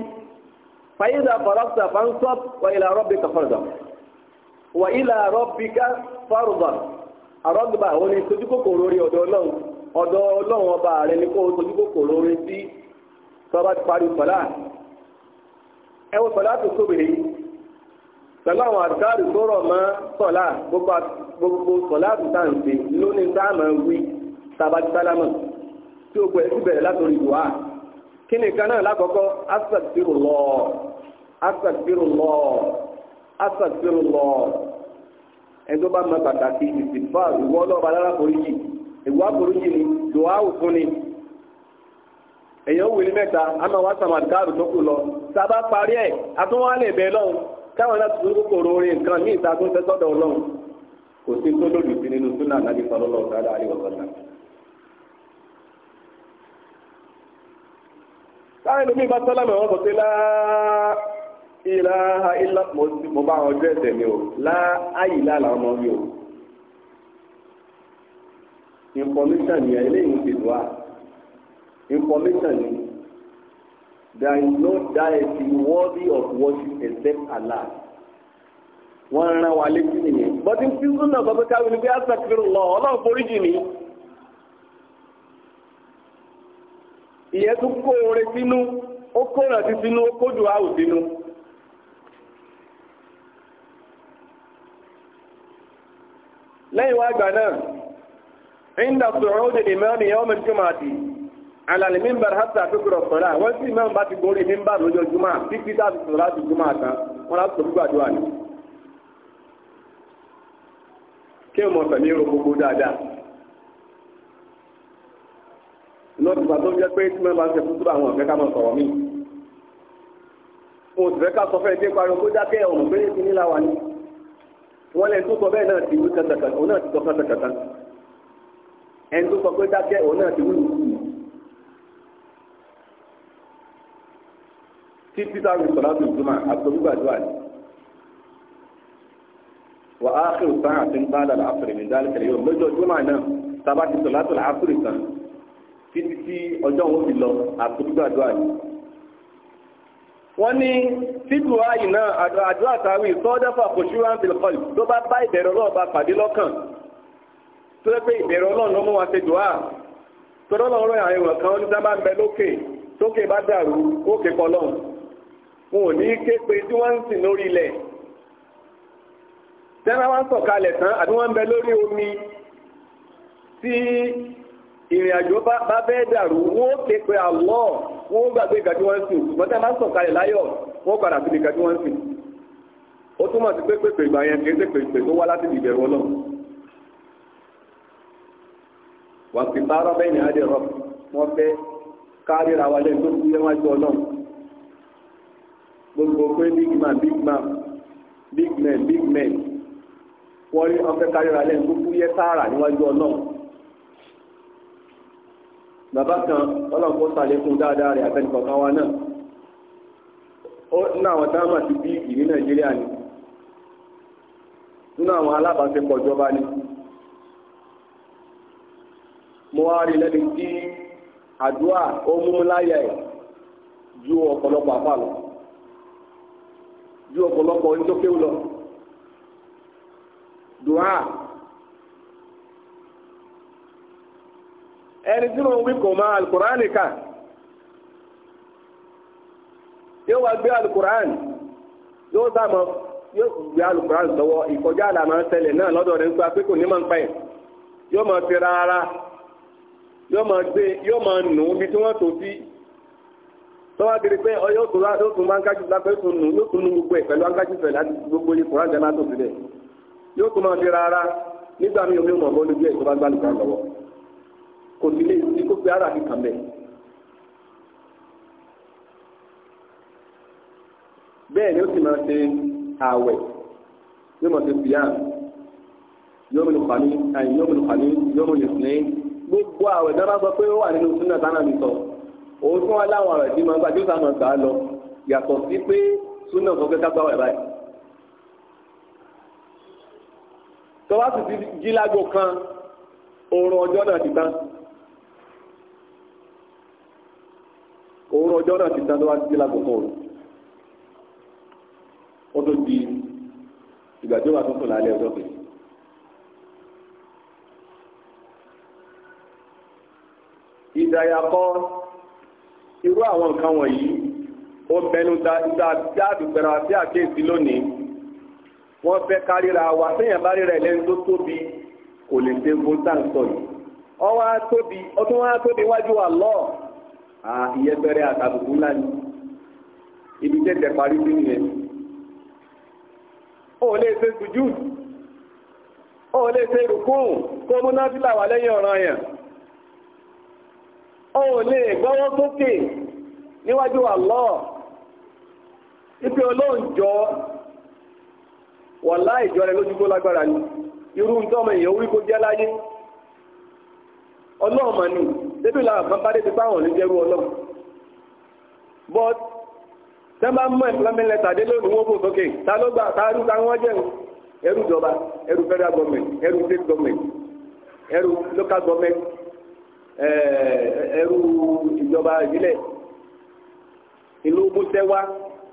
fàyídà fọlọ́sà fáńsọ́p wà ilà rọ́bì kàfọ́rọ̀dà wà ilà rọ́bì kàfọ́rọ̀dà àrọ́gbà òní sojú kòkòrò orí ọ̀dọ́ ọlọ́run ọ̀dọ̀ ọlọ́run ọba rẹ ni kó o sojú kòkòrò orin sí tọ́ba ti parí sọ̀lá ẹ wo sọ̀lá tó tóbi yìí sọ̀lá àwọn àtàrí tó rọ̀ mọ́ sọ̀lá gbogbo sọ̀lá tó tà ń ṣe lónìí táàmù wí tàbá ti sálámù tí o pẹ̀lú bẹ̀rẹ̀ látòrí ìwà kí ni kan náà lákọ̀ọ́kọ́ astaghfirullah astaghfirullah astaghfirullah ẹjọ́ bá mọ pàtàkì ìsìnfà ìwọ́ ọlọ́ba lára foríjì ìwà burúkú ni dùwà fúni ni èyàn wù ní mẹ́ta àmọ́ wá sàmàdìkáàrù tó kù lọ sábà parí ẹ̀ àtúnwálé ìbẹ̀ lọ́hùn káwọn náà tuntun kòkòrò orin nǹkan ní ìta tó ń tẹ́sọ́dọ̀ ọlọ́run kò sí tó lòdì sí nínú súnà lómi bá mo o làwọn information yẹn eléyìí ti dùn á information ni there is no deity worthy of worship except Allah wọ́n ran wa létí nìyẹn bọ́dí fífún náà bàbá káwé ni bí a sàkírò lọ ọlọ́run forí jì mí. ìyẹn tún kó oore sínú ó kó ìrántí sínú ó kó عند صعود الإمام يوم الجمعة على المنبر حتى تكبر الصلاة والإمام بات يقول المنبر رجل الجمعة في كتاب صلاة الجمعة ولا تبقى جواني kí ọmọ ọ̀sẹ̀ ní irun gbogbo dáadáa lọ́dún tó ń jẹ́ pé tí mẹ́rin bá ń ṣe fún àwọn ọ̀fẹ́ ká máa sọ̀rọ̀ mí òun òṣìṣẹ́ ká sọ fẹ́ẹ́ dé pariwo kó dákẹ́ ọ̀nà pé ní ti nílá wa ni wọ́n lẹ́yìn tó sọ bẹ́ẹ̀ náà ti wí kàtàkàtà òun náà ti sọ kàtàkàtà ẹni tó sọ pé dákẹ́ òun náà ti wúlò kù tí peter rí sọlá tó jùmọ̀ àtọ́gbàdúrà ni wà á kí o sáà tí ń bá dàda àfẹrẹ mi dálẹ kẹlẹ yóò lọ́jọ́ jùmọ̀ náà sábà ti sọlá tó láàfẹrẹ tán títí tí ọjọ́ òun fi lọ àtọ́gbàdúrà ni wọ́n ní títù ààyè náà àdúrà táwí sọ́dọ̀fà kò ṣúra ń bìlkọ́lì tó bá bá ìbẹ̀rẹ̀ ọlọ́ọ̀bá pàdé lọ́kàn tó yẹ pé ìbẹ̀rẹ̀ ọlọ́run ló mú wa ṣe dùá tọ́lọ́ náà rọ kan ní sábà bẹ lókè tókè bá dàrú kókè kọlọ́n wọn ò ní ké pé tí wọ́n ń sìn omi tí ìrìn àjò bá bẹ́ẹ̀ dàrú wọ́n ó ké pé àlọ́ wọ́n ó gbàgbé ìgbà tí wọ́n ń sìn ṣùgbọ́n tẹ́lá sọ̀kalẹ̀ láyọ̀ wọ́n padà sí ìgbà tí wọ́n ń sìn ó túmọ̀ wà pè bá rọ́bẹ́ ìrìn àdè rọ wọ́n fẹ́ káríra wa lẹ́yìn tó kú léwájú ọlọ́run gbogbo pé big man big man big men big men wọ́n rí wọ́n fẹ́ káríra lẹ́yìn tó kú yẹ sáàrà níwájú ọlọ́run bàbá kan ọlọ́run kó sàlékún dáadáa rẹ̀ àtẹnukọ̀kan wa náà ó ní àwọn táwọn àti bíìgì ní nàìjíríà ni nínú àwọn alábàáṣepọ̀ ìjọba ni. mo wá di tí àdúrà ó ju ọ̀pọ̀lọpọ̀ àfà lọ ju ọ̀pọ̀lọpọ̀ onítọ́kéwù lọ dùhà ẹni tí mo wí kò máa alukur'ani kà yóò wá gbé yóò sá mọ yóò gbé alukur'ani lọ́wọ́ ìkọjá àlàmà ń ṣẹlẹ̀ náà lọ́dọ̀ rẹ̀ ń sọ ní ń yóò máa gbé yóò máa nù bí tí wọ́n tó sí tọ́wọ́ kiri pé ọyọ́ tó láti ó tún máa ń kájú lápẹ́ tó nù yóò tún nu gbogbo ẹ̀ pẹ̀lú ankájú fẹ̀ láti gbogbo yìí kùrán jẹ́má tó sílẹ̀ yóò tún máa fi rárá nígbà mi ò ní mọ̀ bọ́ lójú ẹ̀ tó bá gbàlùkà lọ́wọ́ kò sí lè sí kó fi ara fi kàn bẹ́ẹ̀. bẹ́ẹ̀ ni ó sì máa ṣe ààwẹ̀ yóò máa ṣe fìyà yóò mú nìkan ní yóò mú ní yóò mú ní gbogbo àwẹ̀ náà bá sọ pé ó wà nínú súnà tánà mi sọ òun tún wá láwọn àwẹ̀ tí máa ń gbà jù sáà máa gbà á lọ yàtọ̀ sí pé súnà sọ pé ká gbà wẹ̀ báyìí. tọ́wá sì ti jí lágbo kan oorun ọjọ́ náà ti tán oorun ọjọ́ náà ti tán tọ́wá ti jí lágbo kan oorun ó tó di ìgbà tó kù lálẹ́ ọjọ́ kejì. ìdáyà kọ́ irú àwọn nǹkan wọ̀nyí ó bẹnu dáàdùpẹ̀rẹ̀ àti àkéèsí lónìí wọ́n fẹ́ káríra wa séèyàn bá ríra ẹ̀lẹ́ni tó tóbi kò lè ṣe fún sáǹsọ̀ yìí tóbi ọtún tóbi wájú lọ ìyẹ́bẹ̀rẹ̀ àtàbùkù ńlá ni ibi tẹ parí sí nìyẹn ó lè ṣe ó lè ṣe kó múná wà lẹ́yìn ọ̀ràn ọ ò lè gbọ́wọ́ sókè níwájú Allah ipe olóòjọ́ wàlá ìjọ rẹ lójú tó lágbára ni irú ń tọ́mọ èèyàn orí kó jẹ́ láyé ọlọ́ọ̀mọ ni débí làwọn bá bá débi báwọn lè jẹ́rú ọlọ́ọ̀ but tẹ́ bá mọ employment letter dé lónìí wọ́n bò sókè ta ló gbà ta rú ta wọ́n jẹun ẹrú ìjọba ẹrú federal government ẹrú state government ẹrú local government Eh, ẹrú ìjọba ìbílẹ̀ ìlú gbóṣẹ́ wá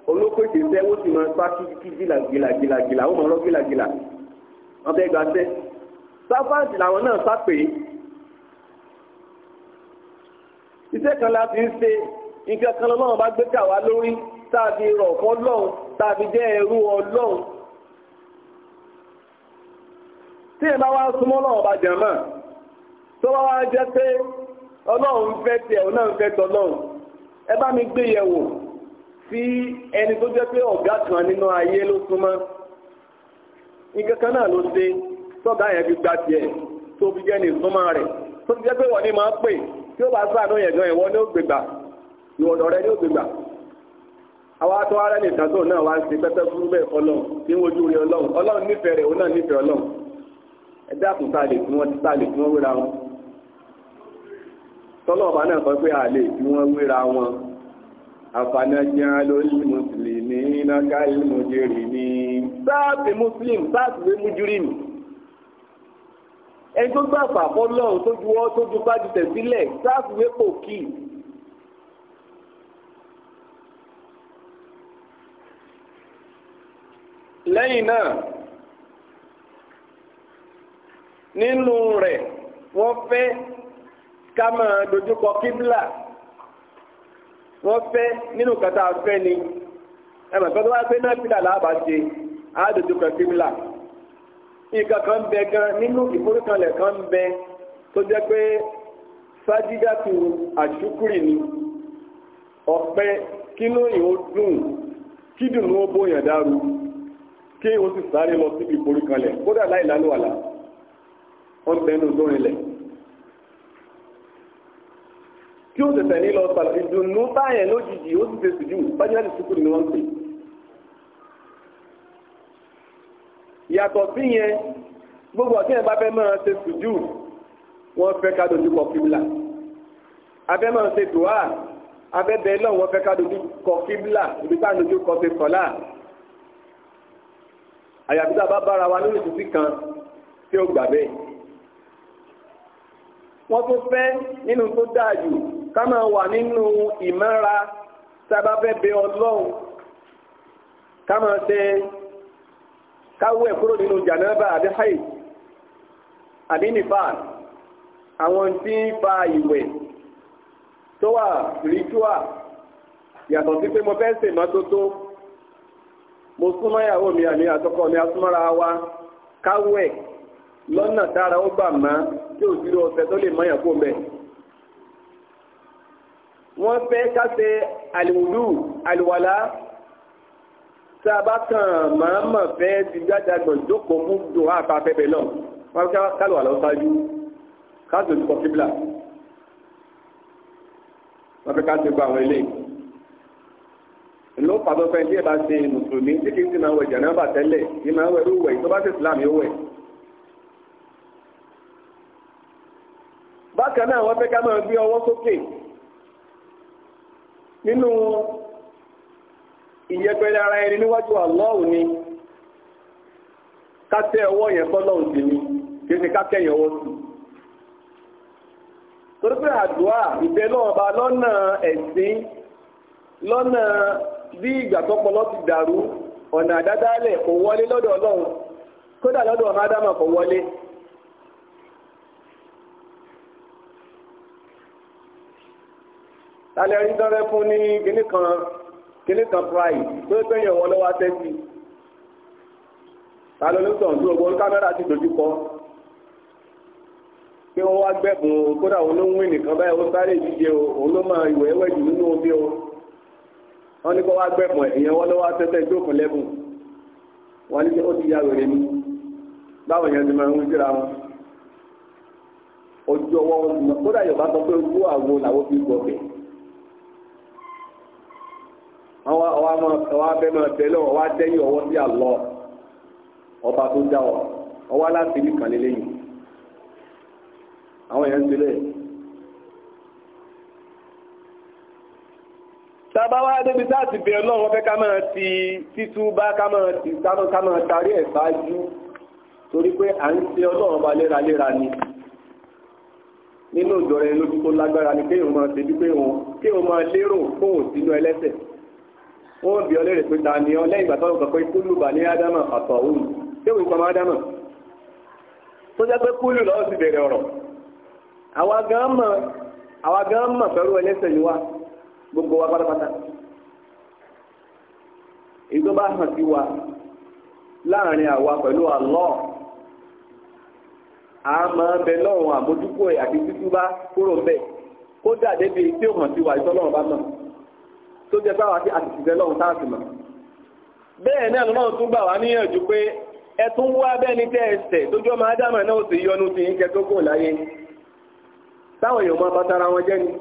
olókòtè sẹ́ ó sì máa ń pàṣẹ kí gìlàgìlàgìlà ó máa lọ gìlàgìlà wọn fẹ́ gba sẹ́ sáfáàsì làwọn náà sápè é iṣẹ́ kan la fi ń ṣe nǹkan kan lọ́wọ́ bá gbé kà wá lórí tàbí rọ̀kọ́ lọ́hùn tàbí jẹ́ ẹrú ọlọ́hùn tí ẹ bá wá súnmọ́ lọ́wọ́ bá jẹ̀ mọ́ tọ́wọ́ wá jẹ́ pé ọlọ́run fẹ́ tiẹ̀ òun náà fẹ́ tọ́lọ́run ẹ bá mi gbé yẹ̀ wò sí ẹni tó jẹ́ pé ọ̀gá kan nínú ayé ló súnmọ́ nǹkan kan náà ló ṣe tọ́gá yẹn fi gba tiẹ̀ tó fi ní rẹ̀ tó ti jẹ́ pé wọ́n ní máa pè tí ó bá sàánú yẹn gan ìwọ ní ó gbégbà ìwọ̀dọ̀ ní ó tọ́lọ́ọ̀bá náà sọ pé àlè tí wọ́n wéra wọn àfànàjẹ́ lórí mùsùlùmí iná káyí mùjírì ní sáàbì mùsùlùmí sáàbì mùjírìmù ẹni tó gbàgbà fọlọ́run tó juwọ́ tó ju bá ju tẹ̀sílẹ̀ sáàbì pò kì í. lẹ́yìn náà nínú rẹ̀ wọ́n fẹ́ ká máa dojúkọ kíbla wọ́n fẹ́ nínú kàtà fẹ́ ni ẹ̀mà kan tó wá pé náà fílà láàbà ṣe á dojúkọ kíbla nǹkan kan bẹ gan nínú ìforúkanlẹ̀ kan bẹ tó jẹ́ pé sájídàtù àṣúkúrì ni ọ̀pẹ kínú ìhó dùn kídùnú ó bóyàn dáru kí ó sì sáré lọ síbi ìforúkanlẹ̀ kódà láìlánú àlà wọ́n bẹnu lórinlẹ̀ tí ó tẹ̀sẹ̀ ní lọ sàlẹ̀ ìdùnnú táyẹ̀ lójijì ó sì ṣe sùjú bájúmẹ́lì sùkúrù ni wọ́n ń pè. yàtọ̀ sí yẹn gbogbo ọ̀tí ẹ̀ bá fẹ́ máa ṣe sùjú wọ́n fẹ́ ká dojú kọ kíbla abẹ́ máa ṣe dùá abẹ́ bẹ́ẹ̀ lọ́wọ́ wọ́n fẹ́ ká dojú kọ kíbla ibi tá à ń dojú kọ ṣe kọ́lá àyàfi tá a bá bára wa lórí ìtúsí kan tí ó gbà bẹ́ẹ̀ wọ́n tún fẹ́ nínú tó dáa jù Kama máa wà nínú ìmọ́ra sábà fẹ́ bẹ ọlọ́run ká máa ṣe káwọ́ ẹ̀ kúrò nínú jànáàbà àbí háì àbí nìfà àwọn tí ń fa ìwẹ̀ tó wà ritual yàtọ̀ sí pé mo fẹ́ ṣe mọ́tótó mo súnmọ́ ìyàwó mi àmì àtọkọ mi asúnmọ́ra wa káwọ́ ẹ̀ lọ́nà tára ó gbà má tí ò sí ọ̀sẹ̀ tó lè mọ́yàn bẹ́ẹ̀ wọ́n fẹ́ ká ṣe àlùwùdù àlùwàlá tá a bá kàn màámà fẹ́ ti gbàdàgbọ̀n jókòó fún dùn àpapẹ̀bẹ̀ náà wọ́n fẹ́ kálùwà lọ sáájú káàtó ti kọ kíbla wọ́n fẹ́ ká ṣe gba àwọn eléyìí ló pàtó fẹ́ tí ẹ bá ṣe mùsùlùmí tí kì í sì máa wẹ̀ jànábà tẹ́lẹ̀ ní máa wẹ̀ lówẹ̀ tó bá ṣe ìsìlámù yóò wẹ̀. bákan náà wọ́n fẹ́ ká máa gbé ọwọ́ sókè nínú ìyẹpẹrẹ ara ẹni níwájú àlọ́ọ̀ ni kátẹ́ ọwọ́ yẹn fọ́lọ́hùn sí ni kí ni kátẹ́ yẹn ọwọ́ sí torí pé àdúrà ìbẹ́ náà bá lọ́nà ẹ̀sìn lọ́nà bí ìgbà tọ́pọlọ ti dàrú ọ̀nà àdádálẹ̀ kò wọlé lọ́dọ̀ ọlọ́run kódà lọ́dọ̀ ọmọ ádámà kò wọlé lálẹ́ rí dọ́rẹ́ fún ní kinní kan kinní kan pride tó pé yẹn wọ́n lọ́wọ́ tẹ́sí ta ló ló sàn tó owó kámẹ́rà ti dojú kọ pé wọ́n wá gbẹ̀bùn kódà òun ló ń wí nìkan báyìí ó sáré ìdíje o òun ló máa ìwẹ̀ ẹ̀wẹ̀ jù nínú omi o wọ́n ní kó wá gbẹ̀bùn ìyẹn wọ́n lọ́wọ́ tẹ́tẹ́ jókòó lẹ́bùn wọ́n ní ó ti ya wèrè mi báwọn yẹn ti máa ń wí wọn ojú ọwọ́ kódà Yorùbá sọ pé ojú àwo làwọn fi gbọ̀ bẹ́ẹ̀ ọwọ́ abẹ́ máa bẹ lọ́wọ́ ọwọ́ adẹ́yìn ọwọ́ sí àlọ́ ọba tó dá ọ ọwọ́ aláṣẹ nìkan lélẹ́yìn àwọn èèyàn ń sílẹ̀. tàbáwá débi láti bẹ̀rẹ̀ náà wọ́n fẹ́ ká máa ti títú bá ká máa ti sáná ká máa tarí ẹ̀ ṣáájú torí pé à ń ṣe ọlọ́run ba léraléra ni nínú ìjọ rẹ lójú tó lágbára ni kéèyàn máa ṣe bí pé òun kéèyàn máa lérò fóun sínú ẹlẹ́sẹ̀. wọ́n bí ọlẹ́rẹ̀ pé ta ni ọ lẹ́yìn ìgbà tọ́lọ́ adama kúlù bà ní ádámà àtọ̀ tí òun pamọ́ ádámà tó jẹ́ pé kúlù lọ́wọ́ sì bẹ̀rẹ̀ ọ̀rọ̀ àwa gan mọ̀ pẹ̀lú ẹlẹ́sẹ̀ ni wa gbogbo wa pátápátá èyí tó bá hàn sí wa láàrin àwa pẹ̀lú àlọ́ bẹ lọ́rùn àmójúkò àti kúrò tó jẹ́ báwa tí àtìsíṣẹ́ lọ́hùn táàsì mọ̀. bẹ́ẹ̀ náà lọ́nà tún gbà wá níyànjú pé ẹ tún wá bẹ́ni tẹ́ ẹsẹ̀ tójú ọmọ ádámà náà sì yọnu ti ń kẹtó kò láyé táwọn èèyàn máa bàtara wọn jẹ́ ni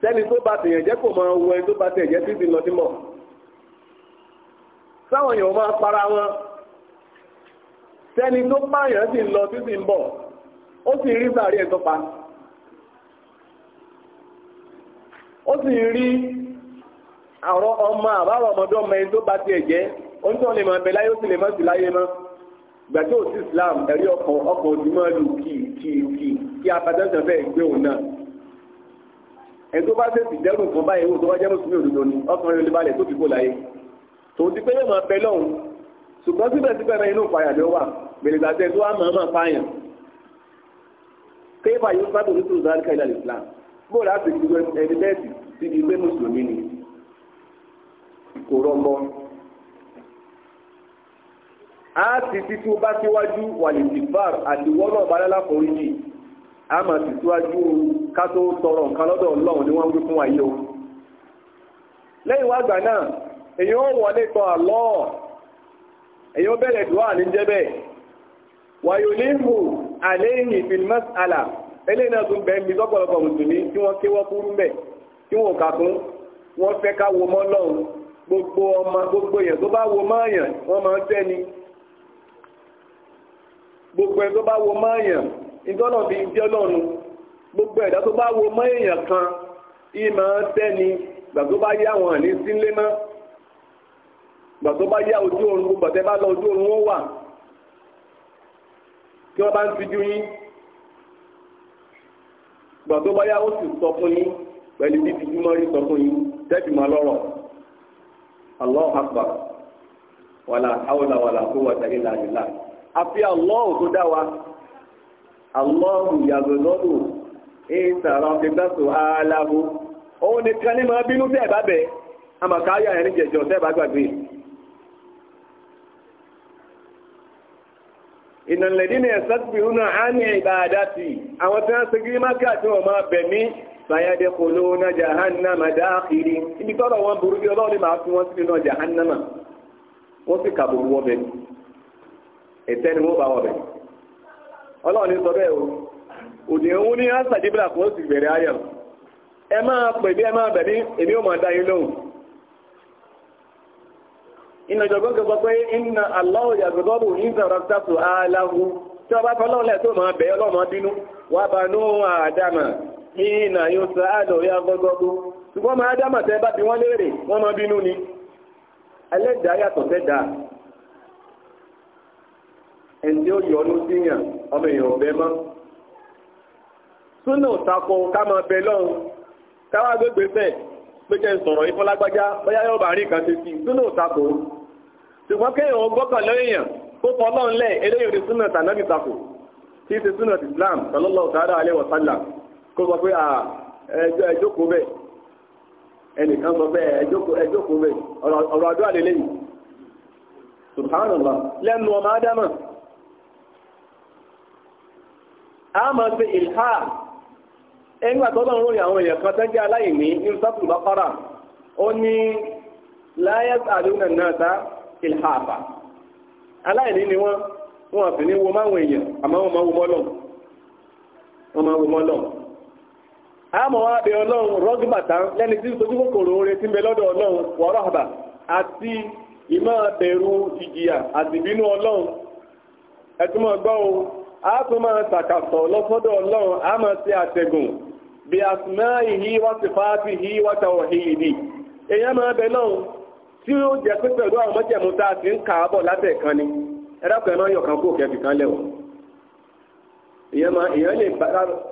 sẹ́ni tó bá tèèyàn jẹ́ kò máa wọ ẹni tó bá tèèyàn jẹ́ títí lọ sí mọ̀ táwọn èèyàn máa para wọn sẹ́ni tó pààyàn sì lọ títí ń bọ̀ ó sì rí sàárẹ̀ tó pa. ó sì rí àwọn ọmọ àbáwọ̀ ọmọdé ọmọ ẹni tó bá tiẹ̀ jẹ́ oúnjẹ lè máa bẹ láyé ó sì lè má sí láyé mọ́ ìgbà tí ò sí Islam ẹ̀rí ọkọ̀ ọkọ̀ òdìmọ́ lù kì kì kì kí abatẹ́sẹ̀ bẹ́ẹ̀ gbé òun náà ẹni tó bá tẹ̀sí dẹ́rù nǹkan báyìí wò tó wá jẹ́ mùsùlùmí òdodo ni ọkùnrin olè balẹ̀ tó ti kó láyé tòun ti pé yóò máa bẹ lọ́hùn ṣùgbọ́n síbẹ̀síbẹ̀ rẹ inú ìpayà ló wà gbèrègbà tẹ tó wà máa máa pààyàn kéèfà yóò sábà onítùrù sáà bó láti fi ẹni bẹ́ẹ̀sì síbi pé mùsùlùmí ni kò rọgbọ. a ti títú bá síwájú wàlìtìfàr àti wọ́nà balẹ́lá forí jì a máa ti síwájú ká tó tọrọ nǹkan lọ́dọ̀ ọlọ́run ni wọ́n ń wí fún ayé o. lẹ́yìn wá gbà náà èyàn ó wọlé tọ àlọ́ èyàn bẹ̀rẹ̀ dùn àníjẹ́ bẹ́ẹ̀ wàyò ní hù àléhìn fìlmẹ́sì àlà eléyìí náà tún bẹ́ẹ̀ mi lọ́pọ̀lọpọ̀ mùsùlùmí tí wọ́n kéwọ́ kúrú mbẹ̀ tí wọ́n kà fún wọ́n fẹ́ ká wo mọ́ lọ́hùn gbogbo ọmọ gbogbo yẹn tó bá wo mọ́ àyàn wọ́n máa ń sẹ́ni gbogbo ẹ̀ tó bá wo mọ́ àyàn ìtọ́nà bíi jẹ́ lọ́nu gbogbo ẹ̀dá tó bá wo mọ́ èèyàn kan yìí máa ń sẹ́ni gbà tó bá yá wọn ní sílé mọ́ gbà tó bá yá ojú oorun gbogbo tẹ́ bá lọ ojú oorun wọn wà tí wọ́n bá ń tijú yín gbà tó báyá ó sì sọ fún yín pẹ̀lú bí fìdímọ́ rí sọ fún yín tẹ́tì máa lọ́rọ̀ Allahu akbar wàlà hawla wàlà quwwata illa àfi tó dá wa yàgò ìtàrà òun ní máa bínú tẹ́ẹ̀ bá bẹ̀ àmàkáyà ẹ̀rín jẹ̀jọ́ tẹ́ẹ̀ bá gbàgbé yìí. ìnàlẹ́dí ni ẹ̀sàtìbìrúnà á ní ìbàdàtì àwọn a wọ́n ṣe gírí mákà tí wọ́n máa bẹ̀ mí fàyàdé kòló náà jahannama dáàkiri ibi tọ́rọ wọn burú bí ọlọ́run máa fún jahannama wọ́n sì kabu wọ́n be. ẹ̀tẹ́ ni wọ́n bá wọ́n bẹ̀ ọlọ́run sọ bẹ́ẹ̀ o ma ìnàjọ̀gbọ́n kan sọ pé iná aláwọ̀ yàgbọ́bù ní ìsànrọ̀tàtù aláhu tí ọba fọlọ́ọ̀lẹ̀ tó máa bẹ̀ẹ́ ọlọ́mọ bínú wà bá ní àdámà iná yóò sọ àdọ̀ ṣùgbọ́n máa dámà tẹ́ bá bí wọ́n léèrè wọ́n máa bínú ni ẹlẹ́dàá yàtọ̀ tẹ́dàá ẹni tí ó yọnu síyàn ọmọ èèyàn ṣe ṣùgbọ́n kéèyàn ó gbọ́kàn lóyìn fọ́ lọ́n lẹ̀ eléyìí ti súnà tànàbì tí ti ti Islam sallallahu ta'ala alaihi wa kó sọ pé ẹjọ́ ẹjókòó bẹ́ẹ̀ sọ pé ẹjókòó ọ̀rọ̀ àdúrà lélẹ́yìn a ilhafa aláìní ni wọ́n wọ́n ní wo máwọn èèyàn àmọ́ wọ́n máa wo mọ́lọ̀ wọ́n àmọ́ wá bẹ ọlọ́run rọ́gbàtà lẹ́ni tí lọ́dọ̀ ọlọ́run wọ́rọ̀ àbà àti ìmọ̀ bẹ̀rù ìjìyà àti ìbínú ọlọ́run gbọ́ o a tún máa a máa àtẹ̀gùn bí ìhí wá wá èèyàn máa bẹ tí ó jẹ́ pé pẹ̀lú àwọn mọ́jẹ̀mú tá a ti ń látẹ̀ kan ni ẹ̀dàpọ̀ máa ń yọ̀ kan kó kẹ́bì kan lẹ̀ wọ̀ èèyàn máa èèyàn lè bá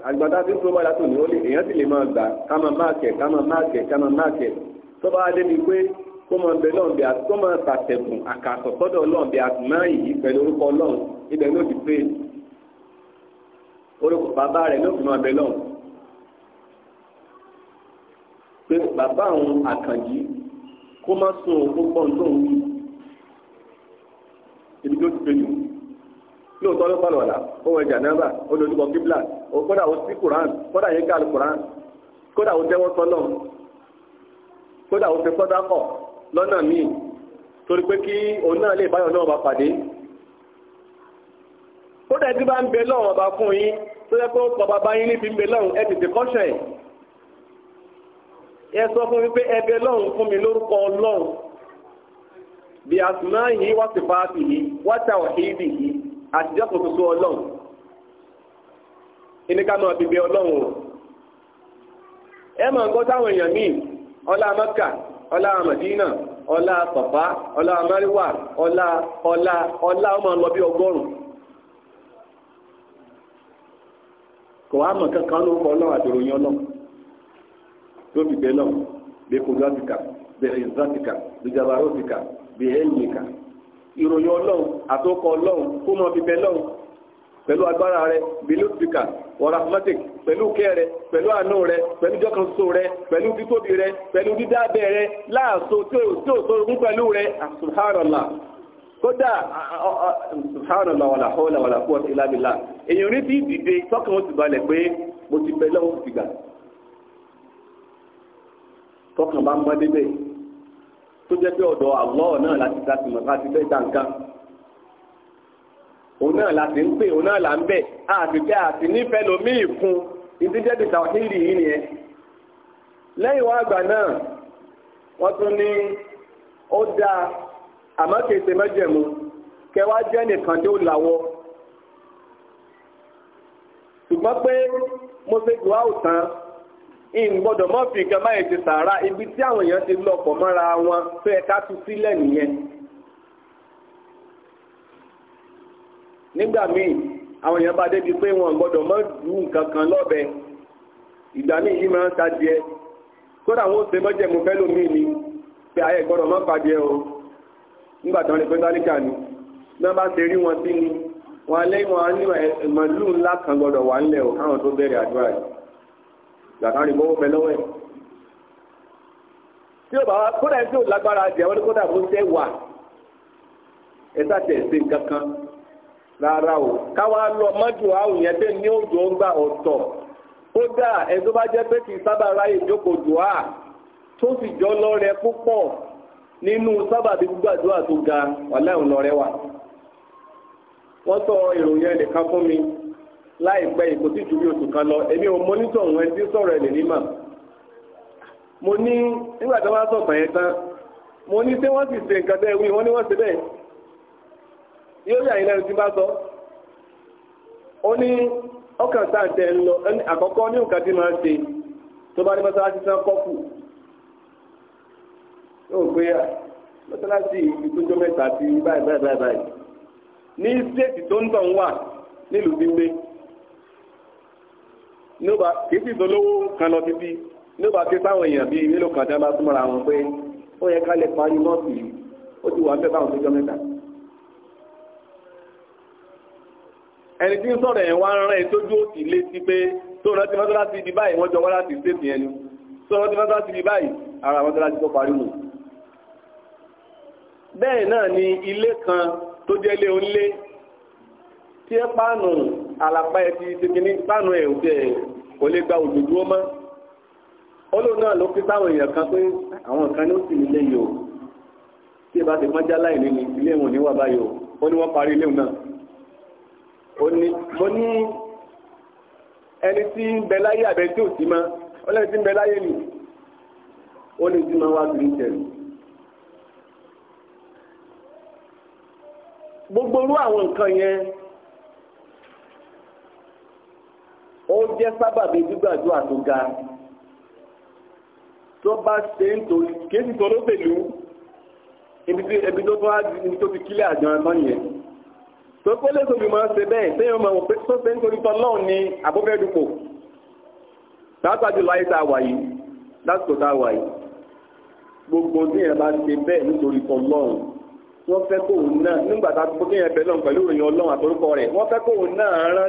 àgbàdá tí ń tó tó ní ó lè èèyàn sì lè máa gbà ká máa máa kẹ̀ ká máa máa kẹ̀ ká máa máa kẹ̀ tó bá pé kó máa bẹ kó má sun òun púpọ̀ nítorí òun wí ibi tó ti péjú lóòótọ́ ló pàlọ́ ọ̀la ó wọ ẹja náírà ó lójú kọ kíbla ó kódà ó sí kuran kódà yẹn ká kuran kódà ó jẹ́wọ́ sọ́nà kódà ó fi sọ́dá kọ̀ lọ́nà míì torí pé kí òun náà lè báyọ̀ náà bá pàdé kódà ẹbí bá ń bẹ lọ́wọ́ ọba fún yín tó yẹ kó kọ́ bàbá yín níbi ń bẹ lọ́wọ́ ẹ tètè kọ́ṣẹ́ ẹ sọ fún mi pé ẹbẹ lọ́run fún mi lórúkọ ọlọ́run bí àtúná yìí wá sí fàáfì yìí wá tà wà hídì yìí àtijọ́ kò tuntun ọlọ́run o ẹ máa ń gbọ́ táwọn èèyàn míì ọlá mẹ́kà ọlá màdínà ọlá pàpá ọlá ọlá ọlá ọlá ọmọ ọgọ́rùn-ún kò tó fi bẹ́ẹ̀ lọ bí kudọ́tìkà bí ìzọ́tìkà bí jabarótìkà bí ẹ̀yìnkà ìròyìn ọlọ́run àtọkọ ọlọ́run kó mọ bẹ́ẹ̀ lọ́run pẹ̀lú agbára rẹ bí lótìkà warahmatik pẹ̀lú kẹ́ rẹ pẹ̀lú àánú rẹ pẹ̀lú jọkànso rẹ pẹ̀lú títóbi rẹ pẹ̀lú dídábẹ́ rẹ láàṣọ tí ò tí ò sorogún pẹ̀lú rẹ subhanallah kódà subhanallah wàlà hawla wàlà quwwata illa billah èèyàn rí bí dìde tọkàn ó ti balẹ̀ pé mo ti bẹ̀ lọ́wọ́ ti gbà tọkàn bá ń mọ́ débẹ̀ tó jẹ́ pé ọ̀dọ̀ àlọ́ náà láti láti mọ̀ láti fẹ́ gbà nǹkan òun náà láti ń pè òun náà là ń bẹ̀ àtìkẹ́ àti nífẹ̀ẹ́ lomi ìfun ìdíjẹ́ ti tàwákìlì yìí nìyẹn lẹ́yìn wá àgbà náà wọ́n tún ní ó dáa àmọ́ kì mẹ́jẹ̀mú kẹwàá jẹ́ nìkan tó làwọ́ ṣùgbọ́n pé mo ṣe dùn áwùtán ìgbọ́dọ̀ mọ́ fi nǹkan báyìí ti sàárà ibi tí àwọn èèyàn ti lọ́pọ̀ mọ́ra wọn tó yẹ ká tú sílẹ̀ nìyẹn. nígbà míì àwọn èèyàn bá débi pé wọn gbọ́dọ̀ mọ́ du nǹkan kan lọ́bẹ ìgbà míì yìí máa ń ta díẹ̀ kódà wọn ó ṣe mọ́jẹ̀mú fẹ́lòmíì ni pé ayé gbọ́dọ̀ mọ́ pàdé o nígbà tí wọ́n lè pẹ́ sálíkà ni bí wọ́n bá ṣe rí wọn sí ni wọn alẹ́ wọn á ní màlúù ńlá kan gbọ́dọ̀ wà ńlẹ̀ o káwọn tó bẹ̀rẹ̀ àdúrà yìí zakari mọ́wọ́ mẹ lọ́wọ́ ẹ̀ tí ó bá wá kódà tí ó lágbára jẹ wọn ni kódà bó tẹ wà ẹ sàtẹ̀ ṣe nǹkan kan rárá o káwa lọ mọ́jú àwọn yẹn tẹ́ ní òjò ń gbà ọ̀tọ̀ kódà ẹ tó bá jẹ́ pé kì í sábà ráyè jókòó dùn á tó sì jọ lọ́rẹ púpọ̀ nínú sábàbí gbàdúrà tó ga wàhálà ìrànlọ́rẹ́ wà wọ́n sọ ìròyìn ẹnìkan fún mi. láìpẹ́ ìkó tí ju oṣù kan lọ èmi ò mọ́nítọ̀ òun ẹni tí ń mo ní nígbà tí wọ́n á sọ̀tàn yẹn tán mo ní tí wọ́n sì ṣe nǹkan wí wọ́n ní wọ́n ṣe bẹ́ẹ̀ yóò rí àyìn lẹ́nu tí bá sọ ó ní ọkàn sáǹtẹ̀ ń lọ àkọ́kọ́ ní nǹkan tí máa ń ṣe tó bá ní mọ́sálásí sán kọ́kù yóò pé mọ́sálásí mẹ́ta ti báyìí báyìí báyìí ní tó ń nígbà kì í sì dolówó kan lọ títí nígbà kí sáwọn èèyàn bíi mélòó kan dá bá súnmọ́ra wọn pé ó yẹ ká parí nọ́ọ̀sì yìí ó ti wà ń bẹ́ fáwọn tó jọ mẹ́ta. ẹni tí ń sọ̀rọ̀ yẹn wá rán ẹ tójú òsì létí pé tó rántí mọ́tàlásí ibi báyìí wọ́n jọ wá láti ṣètì ẹni tó rántí mọ́tàlásí ibi báyìí ara mọ́tàlásí tó parí nù. bẹ́ẹ̀ náà ni ilé kan tó jẹ́ ilé onílé tí ẹ pàánù alapa ẹ ti ṣe kínní pánù ẹ ò tẹ kò lè gba òdòdó mọ́ olóòó náà ló fi sáwọn èèyàn kan pé àwọn kan ní ó sì nílé yìí o tí ìbá ti pọ́njá láìní ní ilé ìwọ̀n ní wà báyìí o ó ní wọ́n parí ilé náà ó ní ẹni tí ń bẹ láyé àbẹ tí ò sí mọ́ ó lẹ́ni tí ń bẹ láyé nì ó ní tí máa wá sí ìtẹ̀lù gbogbo irú àwọn nǹkan yẹn ó jẹ́ sábàbí gbígbàdúrà tó ga tó bá ṣe ń torí kéèsì tó ló pẹ̀lú ibi tó tó ájú ní tó fi kílẹ̀ àjọ ẹ̀mọ́ yẹn tó kó lè tóbi máa ṣe bẹ́ẹ̀ tẹ́yàn máa wọ́n tó ṣe ń torí tọ́ náà ní abúfẹ́dùpò látàjú láyé tá a wà yìí lásìkò tá a wà yìí gbogbo tí yẹn bá ṣe bẹ́ẹ̀ nítorí tọ́ lọ́run wọ́n fẹ́ kóun náà nígbà tá a tó kéèyàn bẹ́ẹ̀ náà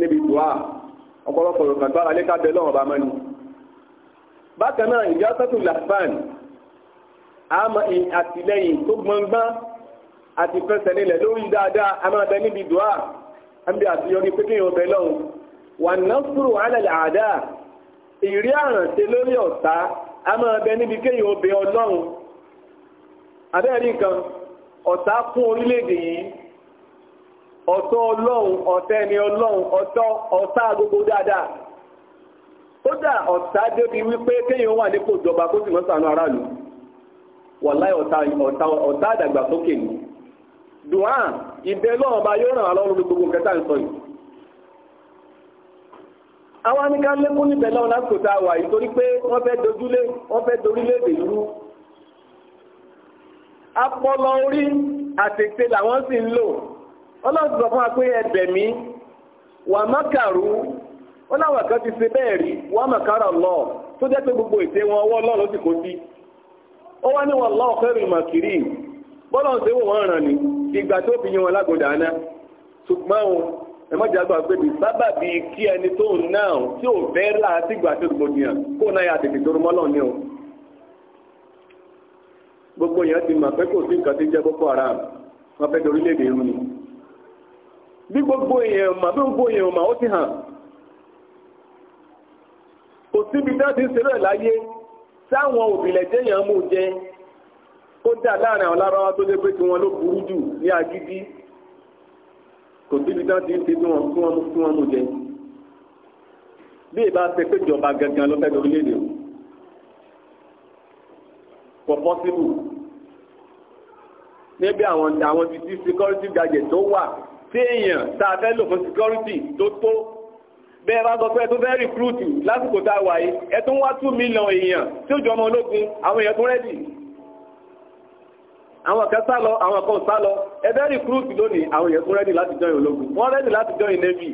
níbi dùá ọ̀pọ̀lọpọ̀ rò kàgbára léka bẹ lọ́wọ́ bá mọ́ ni. bákan náà ìjà sẹ́tù làfàn àmọ́ àtìlẹ́yìn tó gbọ̀ngbọ́n àti fẹsẹ̀ nílẹ̀ lórí dáadáa a máa bẹ níbi dùá àmì àtìyọrí pé kéèyàn bẹ lọ́wọ́ wà násùrù alẹ́ àdá ìrí ọ̀tọ́ ọlọ́run ọ̀tẹ́ ni ọlọ́run ọ̀tọ́ ọ̀tá gbogbo dáadáa kódà ọ̀tá débi wípé kéèyàn wà nípò ìjọba kó sì mọ́ ṣàánú aráàlú wàláì ọ̀tá àdàgbàsókè ni dùhán ìbẹ́ lọ́wọ́ bá yóò ràn án lọ́rùn gbogbo nǹkan tá sọ yìí àwọn aníká lékún níbẹ̀ lọ́wọ́ lásìkò tá a wà yìí torí pé wọ́n fẹ́ dojúlé wọ́n fẹ́ dorílẹ̀-èdè rú apọlọ orí àtètè làwọn sì ń lò ọlọ́run sọ fún wa pé ẹbẹ̀ mi wà má kàrú wọn láwọn kan ti ṣe bẹ́ẹ̀ rí wà má kàrà lọ tó jẹ́ pé gbogbo ète wọn ọwọ́ ọlọ́run ti kó sí ó wá ní wọn lọ́ọ̀ fẹ́ rìn màkìrì bọ́lá ń ṣe wò wọ́n ràn ní ìgbà tó fi yan wọn lágọ̀dà náà ṣùgbọ́n o ẹ pé bí sábà bí kí ẹni tó ń ná o tí ò fẹ́ rà á sígbà tó gbòdìyàn kó náà yà tètè torúmọ́ lọ ní o gbogbo èèyàn ti mọ̀ pé kò sí nǹkan tí jẹ́ Boko Haram wọ́n fẹ́ dorílẹ̀-èdè irú ni bí gbogbo èèyàn mà bí gbogbo èèyàn mà ó ti hàn kò síbi náà ti ń ṣe bẹ́ẹ̀ láyé táwọn òbílẹ̀ jẹ́yàn mú jẹ ó dà láàrin àwọn lárọ́wọ́ tó lé pé tí wọ́n ló burú jù ní agídí kò síbi náà ti ń ṣe tí wọ́n tí wọ́n mú jẹ bí ìbá ṣe pé ìjọba gangan ló fẹ́ lórílẹ̀-èdè o kò pọ́sibù níbi àwọn àwọn ti ti security gadget tó wà tí èèyàn tààfẹ́ lò fún security tó tó bẹ́ẹ̀ bá sọ pé ẹ tó fẹ́ rìkúrútù lásìkò tá wà yìí ẹ wá 2 million èèyàn tí ó jọ ọmọ ológun àwọn èèyàn tó rẹ́dì àwọn kan sálọ àwọn kan sálọ ẹ fẹ́ rìkúrútù lónìí àwọn èèyàn tó rẹ́dì láti jọyìn ológun wọ́n rẹ́dì láti jọyìn navy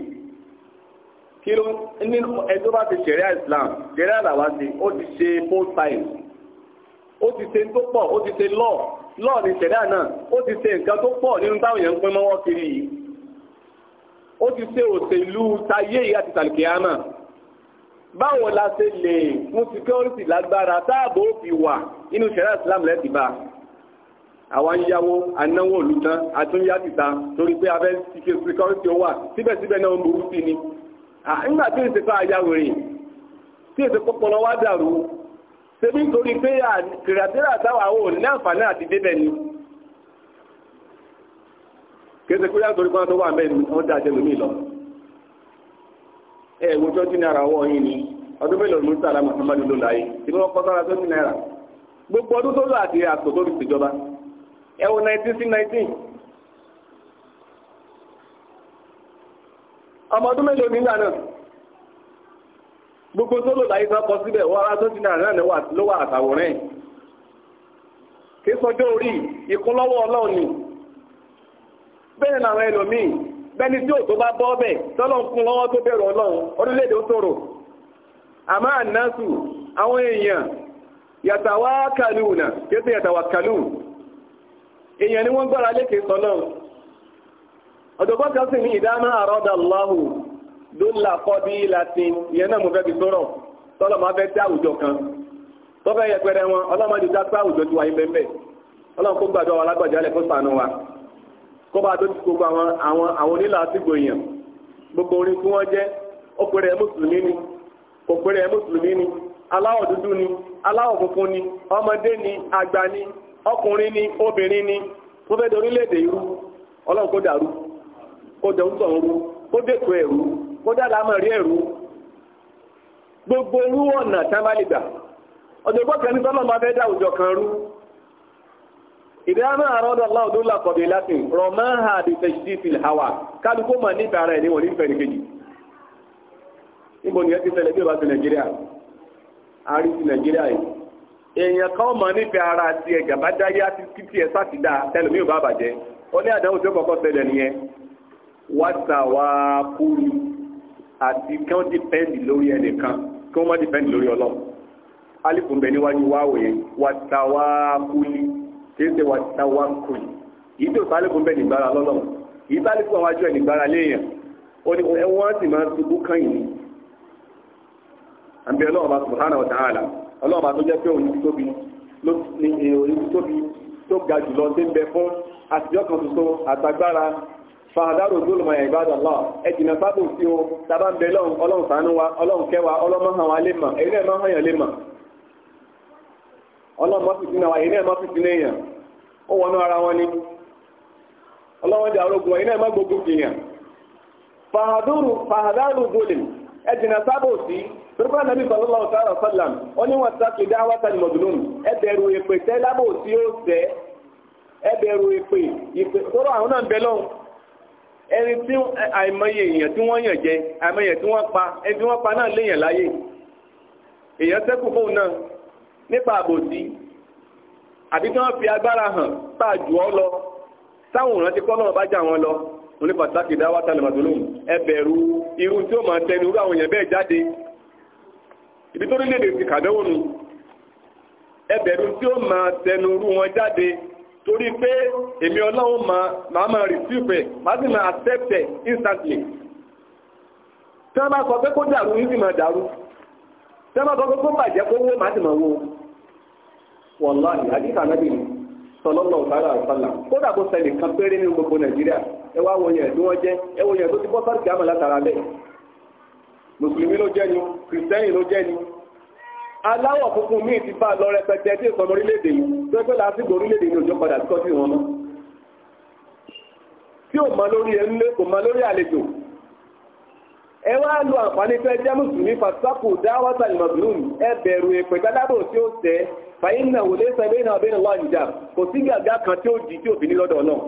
kí ló ní ẹ tó bá ti ṣẹ̀ríà Islam ṣẹ̀ríà làwa ti ó ti ṣe full time ó ti ṣe tó pọ̀ ó law law ni ṣẹ̀ríà náà ó ti ṣe nǹkan tó pọ̀ nínú táwọn èèyàn ń pín mọ́wọ́ kiri ó ti ṣe òṣèlú tayé yìí àti tàlìkìyàmà báwo la ṣe lè fún security lágbára táàbò fi wà nínú sẹ́rẹ́ islam lẹ́tì bá àwọn yíyáwó anáwó olùtán àtúnyá tìta torí pé abẹ́ ṣiṣẹ́ security ó wà síbẹ̀síbẹ̀ náà ń burú sí ni nígbà tí èsì fa àyàwòrè tí èsì pọpọlọ wá dàrú ṣe nítorí pé kìrìàtìrà táwa ò ní àǹfààní àti débẹ̀ ni. kéde kó yàtọ̀ nípa tó wà mẹ́rin wọ́n dá jẹ́ lómi lọ. ẹ wo twenty yín ni ọdún mélòó ló ń sàrà mọ̀sánmọ́dún ló láyé tí naira gbogbo ọdún tó lọ àti àtò tó fi ṣèjọba ẹ wo nineteen sí nineteen. ọmọ ọdún mélòó nígbà náà gbogbo tó lọ láyé síbẹ̀ wọ́n náà bẹ́ẹ̀ làwọn ẹlòmíì bẹ́ni tí òtó bá bọ́ bẹ̀ tọ́lọ̀ lọ́wọ́ tó bẹ̀rù ọlọ́run orílẹ̀-èdè ó tòrò àmọ́ ànásù àwọn èèyàn yàtàwá kàlùnà kéèsì yàtàwá kàlùn èèyàn ni wọ́n gbára lékè sọ́lọ́ ọ̀dọ̀gbọ́n kan sì ní ìdáná àrọ́dà kọba bá dójú gbogbo àwọn àwọn àwọn èèyàn gbogbo orin fún wọn jẹ ọkùnrin ni ọkùnrin ni dúdú ni funfun ọmọdé ni àgbà ni ọkùnrin ni obìnrin ni tó fẹ́ dorílẹ̀-èdè irú ọlọ́run kó dàrú kó kó kó dàdà rí gbogbo irú ọ̀nà tá a bá lè ìdáná àrọ́dọ̀ aláwọ̀dó làkọ̀dé láti rọ̀máhà àti tẹ̀sídì fi hàwà kálukú mà ní ìbára ẹ̀ ní wọ̀n ní ìfẹ́ nìkejì níbo ni ẹ ti fẹlẹ̀ bí ọba ti nàìjíríà àárí ti nàìjíríà yìí èèyàn kan mà ní ìfẹ́ ara ti ẹ̀gà bá dáyé àti títí ẹ̀ sátidá tẹlẹmí ò bá bàjẹ́ ó ní àdáwò tí ó kọ́kọ́ ṣẹlẹ̀ nìyẹn wàtàwà kúrú àti kí wọ́n dìpẹ́ndì lórí ẹnìkan kí wọ́n tí ń ṣe wà táwa ń kò yìí ìdí òkàlẹ́kùn bẹ́ẹ̀ nígbàrà lọ́lọ́ ìbálẹ́kùn àwọn ajọ́ ẹ̀ léèyàn ó ní wọ́n sì máa ni àbí ọlọ́ọ̀bá subhana wa ta'ala ọlọ́ọ̀bá tó jẹ́ pé òun tóbi tóbi tó ga jùlọ tí ń bẹ fún àtijọ́ kan tuntun àtagbára fàdárò dúlùmọ̀ ìbádàlá ẹ̀jìnà sábò sí o tàbá ń bẹ lọ́hùn ọlọ́hùn ṣàánú wa ọlọ́hùn kẹ́ wa ọlọ́mọ́hàn wa lè mọ̀ èyí náà mọ́hàn yàn lè èèyàn ó wọnú ara wọn ni ọlọ́wọ́jà orógun ẹ̀yìn náà má gbogbo kìíyàn fàádùrù fàádùrù bólè ẹ̀jìnà sábò sí turkana wọn ẹni tí àìmọye èèyàn tí wọ́n yàn jẹ tí wọ́n pa ẹni tí wọ́n pa náà léèyàn láyé èèyàn sẹ́kù náà nípa àbòsí àbí kí wọ́n fi agbára hàn tá ọ́ lọ bá jà wọn lọ oní pàtàkì dáwà tàlẹ̀màdólóhùn ẹ irú tí ó máa tẹnu àwọn èèyàn jáde ibi tó nílé lè ti kàdánwò nu tí ó máa tẹnu wọn jáde torí pé èmi ọlọ́run máa máa máa sì máa wàláhì àdìsá náà bìí sọlọ́lọ́ ọ̀sára àṣálà kódà bó ṣẹlẹ̀ kan péré ní gbogbo nàìjíríà ẹ wá wọnyẹ̀ tí wọ́n jẹ́ ẹ tó ti bọ́ sáré kìámà látara bẹ́ẹ̀ mùsùlùmí ló jẹ́ ni kìrìsìtẹ́yìn ló jẹ́ ni aláwọ̀ funfun míì ti bá lọ rẹpẹtẹ tí ìsọmọ orílẹ̀-èdè yìí tó lásìkò orílẹ̀-èdè padà sí wọn mọ́ tí ò lórí ẹ̀ ẹ wá lo àǹfààní fẹ́ jẹ́ mùsùlùmí fàtàkù dáwọ́tà ìmọ̀bìlùm ẹ bẹ̀rù èpè gbádàbò tí ó tẹ́ fàyín náà wò lé sẹ́gbẹ́ náà bẹ́ẹ̀ lọ́wọ́ àjìjà kò sí gàgá kan tí ó di tí òfin ní lọ́dọ̀ náà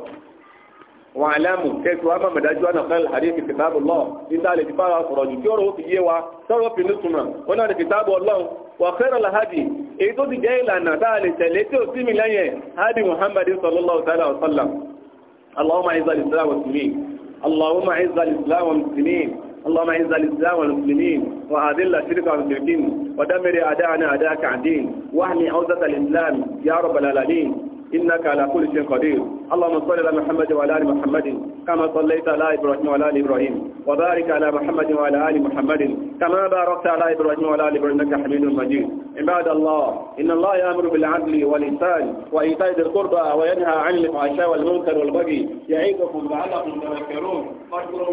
wọn àlámù kẹsì wa máa mẹ̀dájú àná fẹ́ àdéhùn kìtàbù lọ́ọ̀ níta lè ti bára sọ̀rọ̀ jù tí ọ̀rọ̀ ó fi yé wa sọ̀rọ̀ fi ní túnmọ̀ wọn náà lè kìtàbù ọlọ́run wà fẹ́ràn làhádì èyí tó ti jẹ́ ìlànà tá a lè tẹ̀lé tí ó sí mi lẹ́yìn hádì muhammadin sallallahu ta'ala wa sallam allahumma aizal islam wa muslimin allahumma aizal islam wa muslimin اللهم اعز الاسلام والمسلمين واذل الشرك والمشركين ودمر اعداءنا اعداءك عن دين واحمي عوزة الاسلام يا رب العالمين إنك على كل شيء قدير اللهم صل على محمد وعلى آل محمد كما صليت على إبراهيم وعلى آل إبراهيم وبارك على محمد وعلى آل محمد كما باركت على إبراهيم وعلى آل إبراهيم إنك حميد مجيد عباد الله إن الله يأمر بالعدل والإحسان وإيتاء ذي القربى وينهى عن الفحشاء والمنكر والبغي يعظكم لعلكم تذكرون